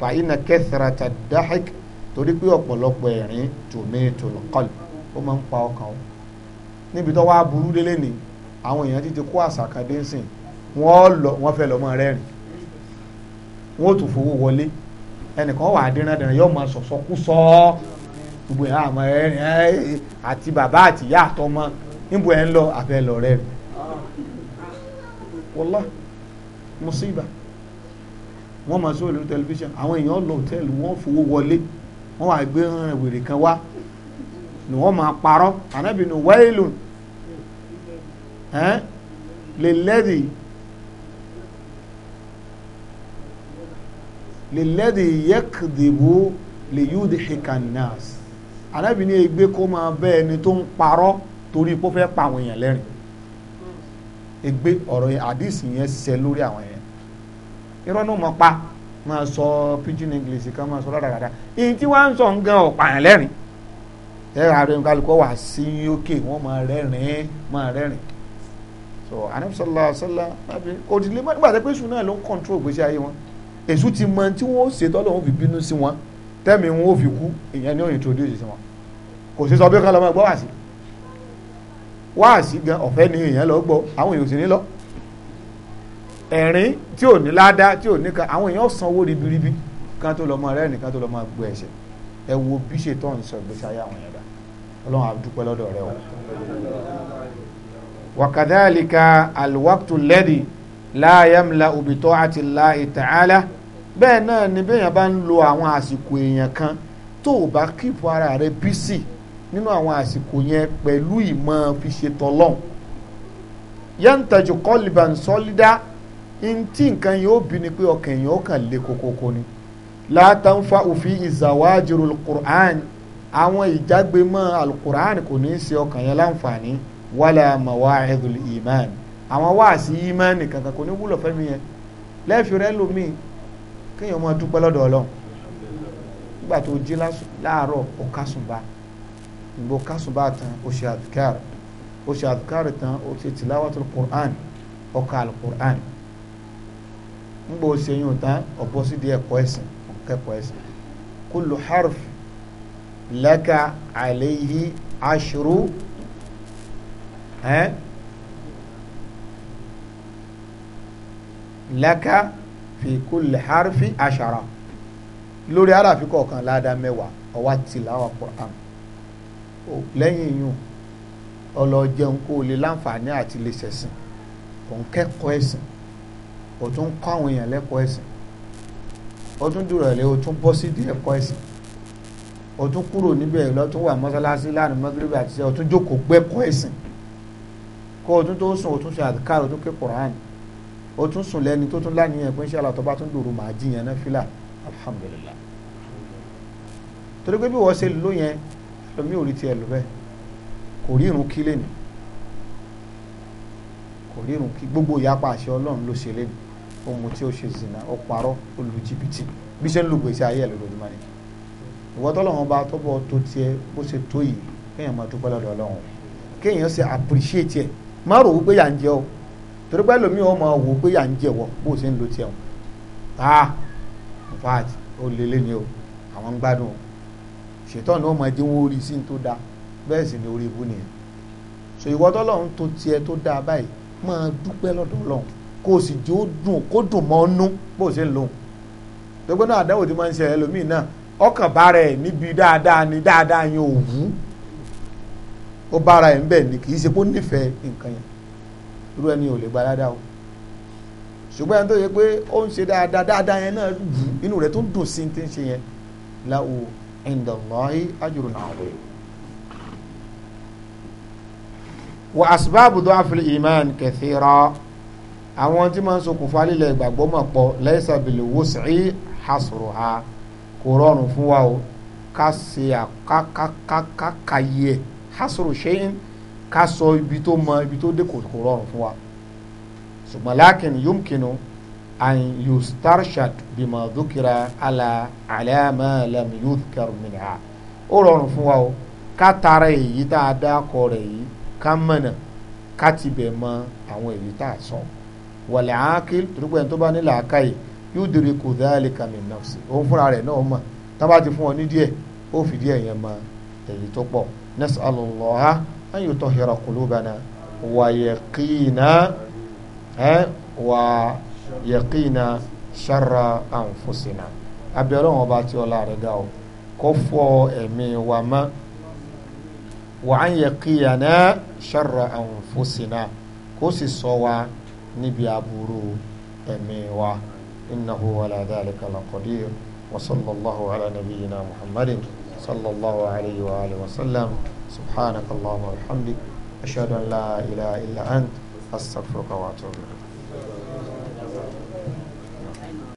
fa inna kathrata dhahik torí pé ọ̀pọ̀lọpọ̀ ẹ̀rín tòmẹ́tò lọ́kọ̀lì ó máa ń pa ọkàn o níbi tó wá burú délé ni àwọn èèyàn ti ti kó àṣà kan dé sìn wọ́n lọ wọ́n fẹ́ lọ́mọ rẹ́rìn wọ́n ò tún fowó wọlé ẹnìkan wà á dín náà dín náà yóò máa sọ̀sọ́ kú sọ́ọ́ gbogbo ẹ̀ àmọ́ ẹ̀rìn àti bàbá àti ìyá àtọmọ níbo ẹ̀ ń lọ àfẹ́ lọ rẹ̀ rẹ̀ wọ́lá mùsíbà wọ́n máa sọ ìlú tẹlifíṣàn àwọn èèyàn lọ hòtẹ́ẹ̀lì wọ́n fowó wọlé wọ́n wá gbé wèrè kan wá ni wọ́n máa parọ́ ànábì ní wẹ́ẹ̀lùn lè lẹ́dì lè lẹ́dì yẹ́kìdìbò lè yúdi hikanas ànábì ní ègbé kó máa bẹ́ ẹni tó ń parọ́ torí pé fẹ́ pa àwọn èèyàn lẹ́rìn ègbé ọ̀rọ̀ àdìsí yẹn ṣẹ lórí àwọn èèyàn irọ́ náà mọ̀ pa máa sọ pidgin english kan máa sọ rádaràda èyí tí wọ́n á ń sọ nǹkan ọ̀pààyàn lẹ́rìn ẹ̀rọ àrùn kálukọ́ wà sí òkè wọ́n máa rẹ́rìn máa rẹ́rìn so anamsala asala òdìlé nígbà tẹ́ pé èṣù náà ló ń control gbèsè ayé wọn èṣù ti mọ tí wọ́n ó ṣe tọ́lọ̀ wọn fi bínú sí wọn tẹ́mi wọn ó fi kú ìyẹn ni ó introduce sí wọn kò sí sọ pé kán lọ́mọ gbọ́ wá sí wá sí gan ọ̀fẹ́ ni èèyàn lọ gbọ́ àwọn èèyàn ò sì ní lọ ẹ̀rín tí ò ní ládá tí ò ní kan àwọn èèyàn sanwó ribiribi kan tó lọ́mọ rẹ̀ nìkan tó lọ́mọ gbé ẹ̀ṣẹ̀ ẹ wo bí ṣe tán ń sọ ìgbésí ayé àwọn yẹn dá ọlọ́run àdúpẹ́ lọ́dọ̀ rẹ o. wakadhalika alwaktu lẹ́dí láyàmúlá òbítọ́ àti láì tààlà bẹ́ẹ̀ náà ni bẹ́ẹ̀yàn bá ń lo àwọn àsìkò èèyàn kan tó o bá kíìpù ara rẹ bísì nínú àwọn àsìkò yẹn pẹ̀lú ìmọ̀ fi ṣe tọ́lọ́n yantajú kọ́lìbàn sọ́lídà ntí nǹkan yìí ó bí ni pé ọkàn èèyàn ó kàn lé kokoko ni látàǹfà òfin ìzàwájúrò alukur'an àwọn ìjágbe mọ́ alukur'an kò ní í ṣe ọkàn yẹn láǹfààní wàlà mawa'idul iman àwọn wáàsí iman kankan kò ní wúlò fẹ́mi yẹn lẹ́ẹ̀fì rẹ lómi kéèyàn máa dúpẹ́ lọ́dọ̀ ọlọ́run nígbà tó jí láàárọ̀ ó kásùnbà ìgbò tán ó àdùkárì ó àdùkárì tán ó ṣe tìláwàtò alukur'an ó ka alukur'an ń gbọ́ ṣe yín tán ọ̀bọ sí di ẹ̀kọ́ ẹ̀sìn kẹ́kọ̀ọ́ ẹ̀sìn kullu harf laka alayhi ashru ẹ́ laka fi kulli harfi ashara lórí aráàfi kọ̀ọ̀kan ládàá mẹ́wàá ọwá tìláwà Qur'an lẹ́yìn yìí ọlọ́jẹun kó lè láǹfààní àti lè ṣẹ̀sìn òun kẹ́kọ̀ọ́ ẹ̀sìn o tún ń kọ́ àwọn èèyàn lẹ́kọ̀ọ́ ẹ̀sìn o tún dùrọ̀lẹ́ o tún bọ́ sídìí ẹ̀kọ́ ẹ̀sìn o tún kúrò níbẹ̀ lọ́tún wà mọ́sálásí láàrin mọ́gíríbì àti sẹ́ o tún jókòó gbẹ́kọ̀ọ́ ẹ̀sìn kó o tún tó sùn o tún ṣe àdìkárò o tún ké Kùránì o tún sùn lẹ́ni tó tún láníyàn pé inshallah tó bá tún dòrò màá jiyàn náà fílà alhamdulillah torí pé bí wọ́n ṣe lò yẹn lomi ò rí tiẹ̀ lò bẹ́ẹ̀ kò rí irun kí lẹ́nu kò rí irun kí gbogbo ìyapa àṣẹ Ọlọ́run ló ṣe lẹ́nu ó mutí ó ṣe zina ó parọ́ ó lu jìbìtì bí ṣe ń lu gbèsè ayé ẹ̀ lójoojúmọ́ ni ìwọ tọ́lọ́wọ́n bá tọ́bọ̀ tó tiẹ̀ bó ṣe tó yìí kéèyàn máa dúpẹ́ lọ́dọ̀ ọlọ́run kéèyàn ṣe appreciate ẹ̀ má rò wípé yà ń jẹ o torí pé ẹlòmíì ó máa wò pé yà ń jẹ wọ bó ṣe ń lo tiẹ̀ o ah in fact ó lélẹ̀ ni o àwọn ń gbádùn o ṣètọ́nù ó máa dínwó orí sí ní tó dáa bẹ́ẹ̀ sì ni orí ibú nìyẹn so ìwọ tọ́lọ́run tó tiẹ̀ tó dáa báyìí máa dúpẹ́ lọ́dọ̀ ọlọ́run kó o sì jó dùn kó dùn mọ́ nú bó o ṣe ń lòun gbogbo náà àdáwò tí máa ń ṣe ẹlòmíì náà ọkàn bára ẹ̀ níbi dáadáa ni dáadáa yẹn ò wú ó bára ẹ̀ ń bẹ̀ ni kì í ṣe pé nífẹ̀ẹ́ nǹkan yẹn irú ẹni ò lè gba dáadáa o ṣùgbọ́n ẹni tó yẹ pé ó ń ṣe dáadáa dáadáa yẹn náà wù inú rẹ̀ tó ń dùn sí ti ń ṣe yẹn láwo ẹ̀ǹdàlọ́ọ̀hí ajurun àwọn. wa asbaabu du'af al-iman kathira àwọn tí máa ń ṣokùnfà lílẹ̀ ìgbàgbọ́ mọ̀ pọ̀ lẹ́sàbìlì wòsì hasùrù ha kò rọrùn fún wa o ká ṣe àkàkàkàkàyè hasùrù ṣẹ́yìn ká sọ ibi tó mọ ibi tó dé kò rọrùn fún wa ṣùgbọ́n lákìn yomkinu an yustarshad bima dukira ala alama lam yudkar minha ó rọrùn fún wa o ká tara èyí tá a dá kọ rẹ̀ yìí ká mọ̀nà ká tibẹ̀ mọ àwọn èyí tá a sọ wàlẹ̀ ákìl torípé ẹni tó bá nílẹ̀ àkàyè yóò dèrè kò dáàlì kàmì nọ́ọ̀sì òun fúnra rẹ̀ náà mọ̀ tá bá ti fún ọ ní díẹ̀ ó fi díẹ̀ yẹn mọ èyí tó pọ̀ nas'alullaha an yutahhira qulubana wa yaqina wa yaqina sharra anfusina abẹ́rẹ́ wọn bá ti ọlá rẹ̀ ga o kó fọ ẹ̀mí wa mọ́ wa an yaqina sharra anfusina kó sì ṣọ́ wa níbi aburú ẹ̀mí wa innahu wala dhalika laqadir wa sallallahu ala nabiyyina muhammadin sallallahu alayhi wa alihi wa sallam subhanakallahumma wa bihamdik ashhadu an la ilaha illa ant astaghfiruka wa atubu ilayk